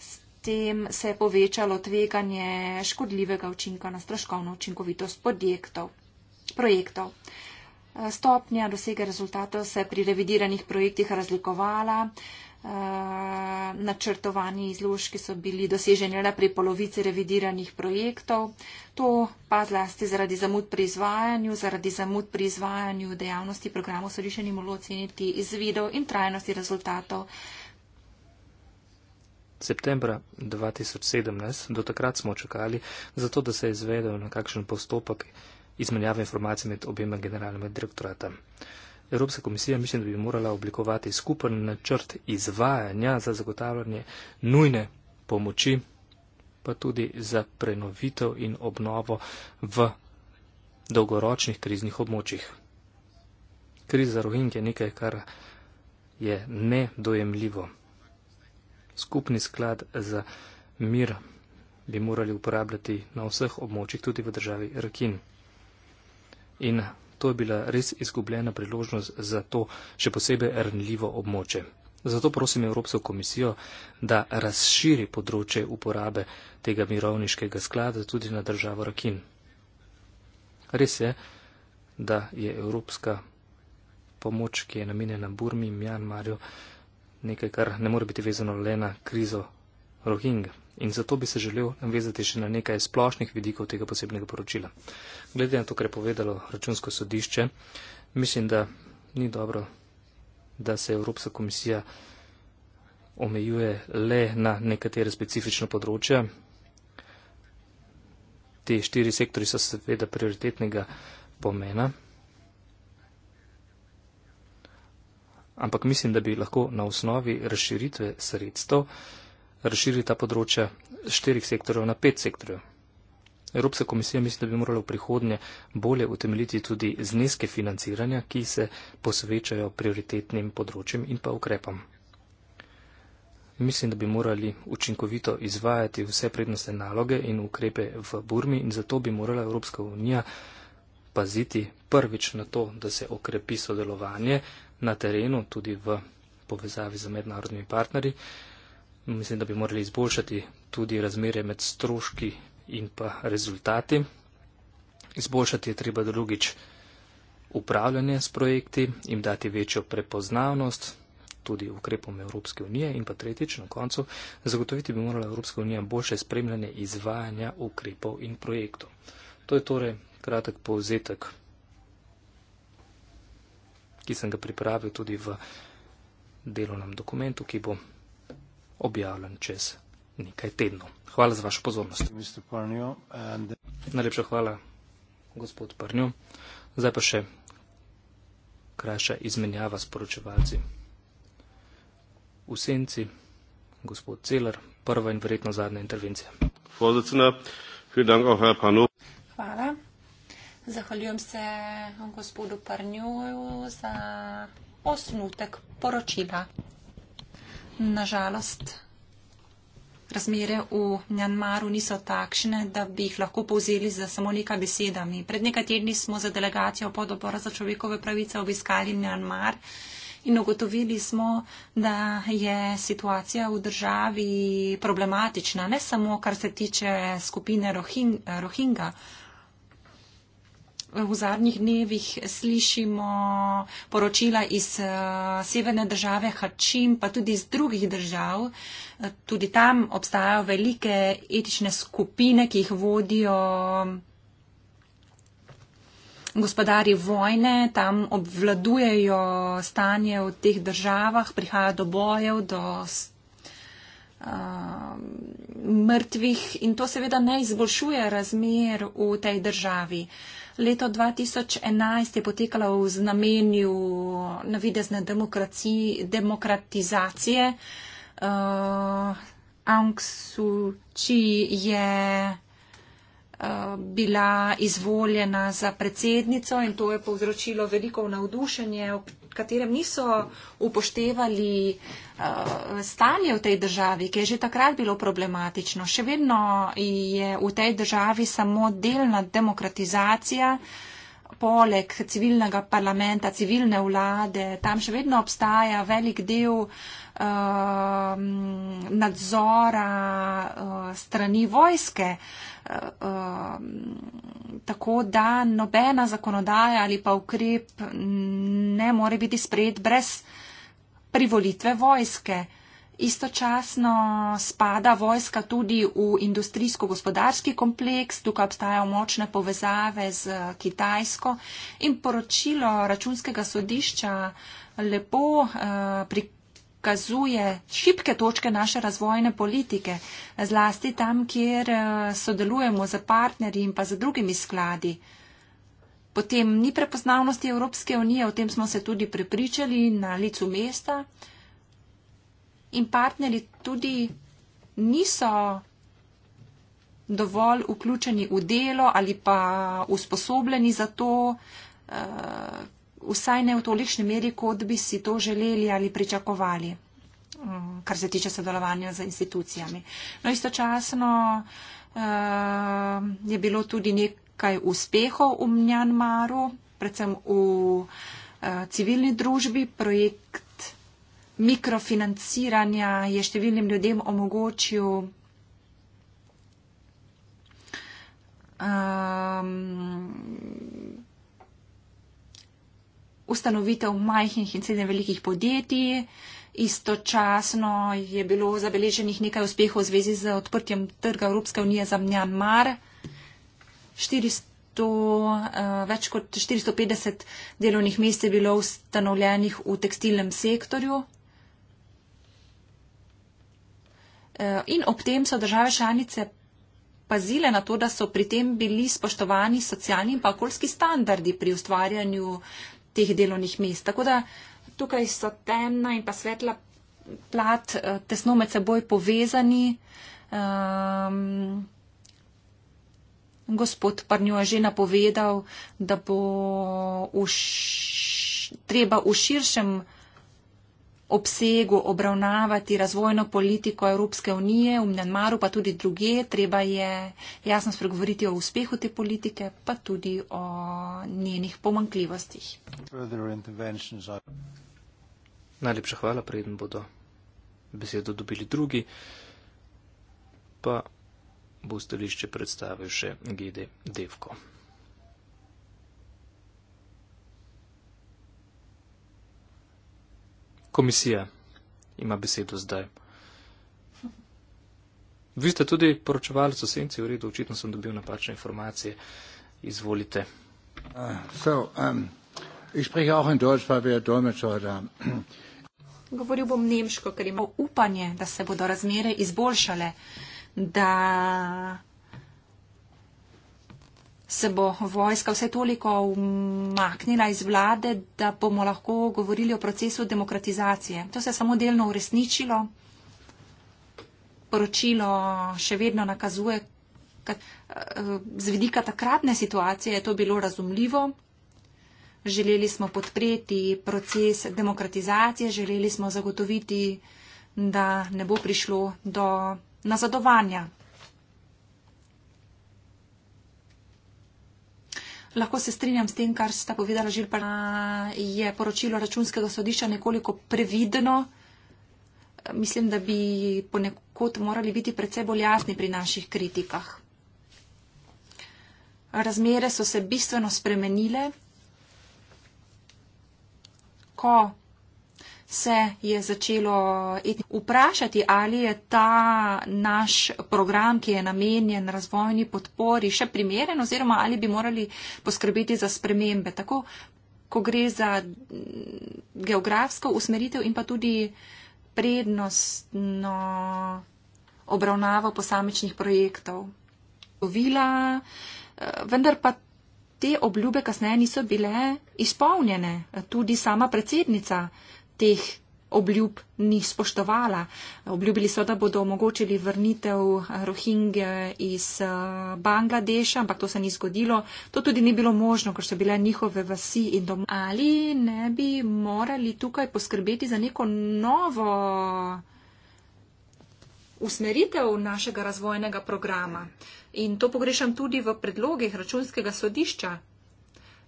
S tem se je povečalo tveganje škodljivega učinka na stroškovno učinkovitost podjektov, projektov. Stopnja dosega rezultatov se pri revidiranih projektih razlikovala. Eh, načrtovani izložki so bili doseženi le pri polovici revidiranih projektov. To pa zlasti zaradi zamud pri izvajanju, zaradi zamud pri izvajanju dejavnosti programov sodišeni molo oceniti izvidov in trajnosti rezultatov. Septembra 2017, do takrat smo čakali, zato da se je izvedel na kakšen postopek izmenjave informacij med objema generalnega direktorata. Evropska komisija mislim, da bi morala oblikovati skupen načrt izvajanja za zagotavljanje nujne pomoči, pa tudi za prenovitev in obnovo v dolgoročnih kriznih območjih. Kriza rohing je nekaj, kar je nedojemljivo. Skupni sklad za mir bi morali uporabljati na vseh območjih, tudi v državi Rakin. In to je bila res izgubljena priložnost za to še posebej rnljivo območje. Zato prosim Evropsko komisijo, da razširi področje uporabe tega mirovniškega sklada tudi na državo Rakin. Res je, da je evropska pomoč, ki je namenjena Burmi in Mjanmarju, nekaj, kar ne more biti vezano le na krizo Rohingya. In zato bi se želel navezati še na nekaj splošnih vidikov tega posebnega poročila. Glede na to, kar je povedalo računsko sodišče, mislim, da ni dobro, da se Evropska komisija omejuje le na nekatere specifične področja. Te štiri sektori so seveda prioritetnega pomena. Ampak mislim, da bi lahko na osnovi razširitve sredstev razširi ta področja štirih sektorjev na pet sektorjev. Evropska komisija misli, da bi morala v prihodnje bolje utemeljiti tudi zneske financiranja, ki se posvečajo prioritetnim področjem in pa ukrepam. Mislim, da bi morali učinkovito izvajati vse prednostne naloge in ukrepe v Burmi in zato bi morala Evropska unija paziti prvič na to, da se okrepi sodelovanje na terenu, tudi v povezavi z mednarodnimi partnerji mislim, da bi morali izboljšati tudi razmere med stroški in pa rezultati. Izboljšati je treba drugič upravljanje s projekti, jim dati večjo prepoznavnost tudi ukrepom Evropske unije in pa tretjič na koncu, zagotoviti bi morala Evropska unija boljše spremljanje izvajanja ukrepov in projektov. To je torej kratek povzetek, ki sem ga pripravil tudi v delovnem dokumentu, ki bo objavljen čez nekaj tednov. Hvala za vašo pozornost. Najlepša hvala, gospod Prnjo. Zdaj pa še krajša izmenjava s poročevalci. V senci, gospod Celer, prva in verjetno zadnja intervencija. Hvala. Zahvaljujem se gospodu Prnjoju za osnutek poročila na žalost razmere v Mjanmaru niso takšne, da bi jih lahko povzeli za samo nekaj besedami. Pred nekaj tedni smo za delegacijo pododbora za človekove pravice obiskali Mjanmar in ugotovili smo, da je situacija v državi problematična, ne samo kar se tiče skupine Rohingja. Rohing v zadnjih dnevih slišimo poročila iz uh, severne države Hačim, pa tudi iz drugih držav. Eh, tudi tam obstajajo velike etične skupine, ki jih vodijo mm, gospodari vojne, tam obvladujejo stanje v teh državah, prihaja do bojev, do eh, mrtvih in to seveda ne izboljšuje razmer v tej državi. Uh, Leto 2011 je potekalo v znamenju navidezne demokratizacije. Uh, Aung San Suu Kyi je eh, bila izvoljena za predsednico in to je povzročilo veliko navdušenje ob katerem niso upoštevali uh, stanje v tej državi, ki je že takrat bilo problematično. Še vedno je v tej državi samo delna demokratizacija, poleg civilnega parlamenta, civilne vlade, tam še vedno obstaja velik del uh, Um, nadzora uh, strani vojske. Uh, um, tako da nobena zakonodaja ali pa ukrep ne more biti sprejet brez privolitve vojske. Istočasno spada vojska tudi v industrijsko-gospodarski kompleks, tukaj obstajajo močne povezave z Kitajsko in poročilo računskega sodišča lepo eh, prikazuje, kazuje šibke točke naše razvojne politike, zlasti tam, kjer eh, sodelujemo za partnerji in pa za drugimi skladi. Potem ni prepoznavnosti Evropske unije, o tem smo se tudi prepričali na licu mesta. In partnerji tudi niso dovolj vključeni v delo ali pa usposobljeni za to. Uh, vsaj ne v tolikšni meri, kot bi si to želeli ali pričakovali, mm, kar se tiče sodelovanja z institucijami. No, istočasno eh, je bilo tudi nekaj uspehov v Mjanmaru, predvsem v eh, civilni družbi. Projekt mikrofinanciranja je številnim ljudem omogočil. Um, ustanovitev majhnih in srednje velikih podjetij. Istočasno je bilo zabeleženih nekaj uspehov v zvezi z odprtjem trga Evropske unije za Mjanmar. 400, uh, eh, več kot 450 delovnih mest je bilo ustanovljenih v tekstilnem sektorju. Uh, in ob tem so države članice pazile na to, da so pri tem bili spoštovani socialni in pa okoljski standardi pri ustvarjanju uh, teh delovnih mest. Tako da tukaj so temna in pa svetla plat eh, tesno med seboj povezani. Um, gospod Parnjo je že napovedal, da bo š... treba v širšem obsegu obravnavati razvojno politiko Evropske unije v Mjanmaru, pa tudi druge. Treba je jasno spregovoriti o uspehu te politike, pa tudi o njenih pomankljivostih. Najlepša hvala, preden bodo besedo dobili drugi, pa bo stališče predstavil še GD Devko. komisije ima besedo zdaj. Vi ste tudi poročevalec o senci, v redu, očitno sem dobil napačne informacije. Izvolite. Uh, so, um, ich spreche auch in Deutsch, weil wir Dolmetscher da. Govoril bom nemško, ker imamo upanje, da se bodo razmere izboljšale, da se bo vojska vse toliko umaknila iz vlade, da bomo lahko govorili o procesu demokratizacije. To se je samo delno uresničilo. Poročilo še vedno nakazuje, kad, eh, z vidika takratne situacije je to bilo razumljivo. Želeli smo podpreti proces demokratizacije, želeli smo zagotoviti, da ne bo prišlo do nazadovanja. Lahko se strinjam s tem, kar sta povedala Žilpa. Je poročilo računskega sodišča nekoliko previdno. Mislim, da bi ponekod morali biti predvsej bolj jasni pri naših kritikah. Razmere so se bistveno spremenile. Ko se je začelo vprašati, ali je ta naš program, ki je namenjen razvojni podpori, še primeren oziroma ali bi morali poskrbeti za spremembe. Tako, ko gre za geografsko usmeritev in pa tudi prednostno obravnavo posamečnih projektov. Vila, eh, vendar pa te obljube kasneje niso bile izpolnjene. Tudi sama predsednica teh obljub ni spoštovala. Obljubili so, da bodo omogočili vrnitev Rohingje iz eh, Bangladeša, ampak to se ni zgodilo. To tudi ni bilo možno, ker so bile njihove vasi in doma. Ali ne bi morali tukaj poskrbeti za neko novo usmeritev našega razvojnega programa? In to pogrešam tudi v predlogih računskega sodišča,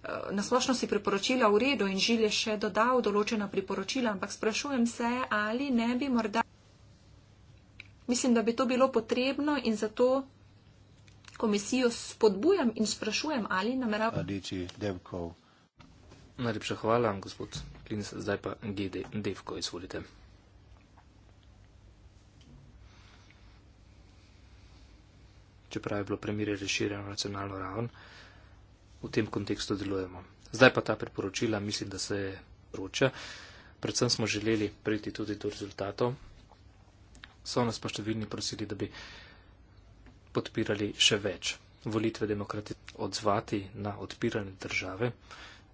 Eh, nasplošno si priporočila v redu in žil je še dodal določena priporočila, ampak sprašujem se, ali ne bi morda. Mislim, da bi to bilo potrebno in zato komisijo spodbujam in sprašujem, ali namerava. Najlepša hvala, gospod Klinc, zdaj pa GD Devko, izvolite. Čeprav je bilo premirje reširjeno na nacionalno ravno v tem kontekstu delujemo. Zdaj pa ta priporočila, mislim, da se vroča. Predvsem smo želeli priti tudi do rezultatov. So nas pa številni prosili, da bi podpirali še več volitve demokrati odzvati na odpiranje države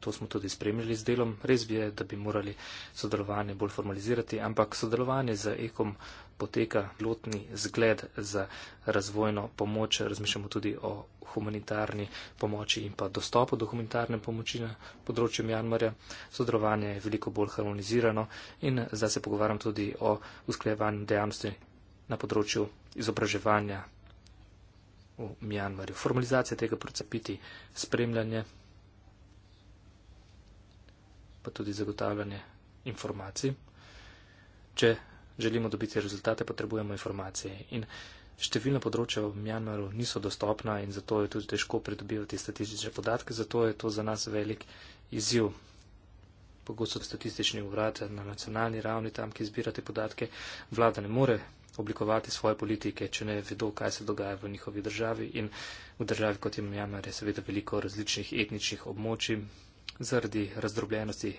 to smo tudi spremljali z delom. Res bi je, da bi morali sodelovanje bolj formalizirati, ampak sodelovanje z EKOM poteka lotni zgled za razvojno pomoč. Razmišljamo tudi o humanitarni pomoči in pa dostopu do humanitarne pomoči na področju Mjanmarja. Sodelovanje je veliko bolj harmonizirano in zdaj se pogovarjam tudi o usklejevanju dejavnosti na področju izobraževanja v Mjanmarju. Formalizacija tega procepiti, spremljanje pa tudi zagotavljanje informacij. Če želimo dobiti rezultate, potrebujemo informacije. In Številna področja v Mjanmaru niso dostopna in zato je tudi težko pridobivati statistične podatke, zato je to za nas velik izziv. Pogosto statistični urad na nacionalni ravni tam, ki zbirate podatke, vlada ne more oblikovati svoje politike, če ne vedo, kaj se dogaja v njihovi državi in v državi, kot je Mjanmar, je seveda veliko različnih etničnih območij, zaradi razdrobljenosti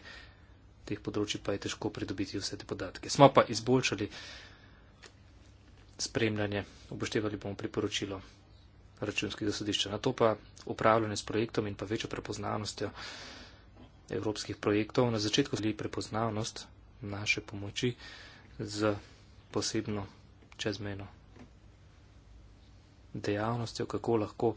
teh področji pa je težko pridobiti vse te podatke. Smo pa izboljšali spremljanje, upoštevali bomo priporočilo računskega sodišča. Na to pa upravljanje s projektom in pa večjo prepoznavnostjo evropskih projektov. Na začetku zli prepoznavnost naše pomoči z posebno čezmeno dejavnostjo, kako lahko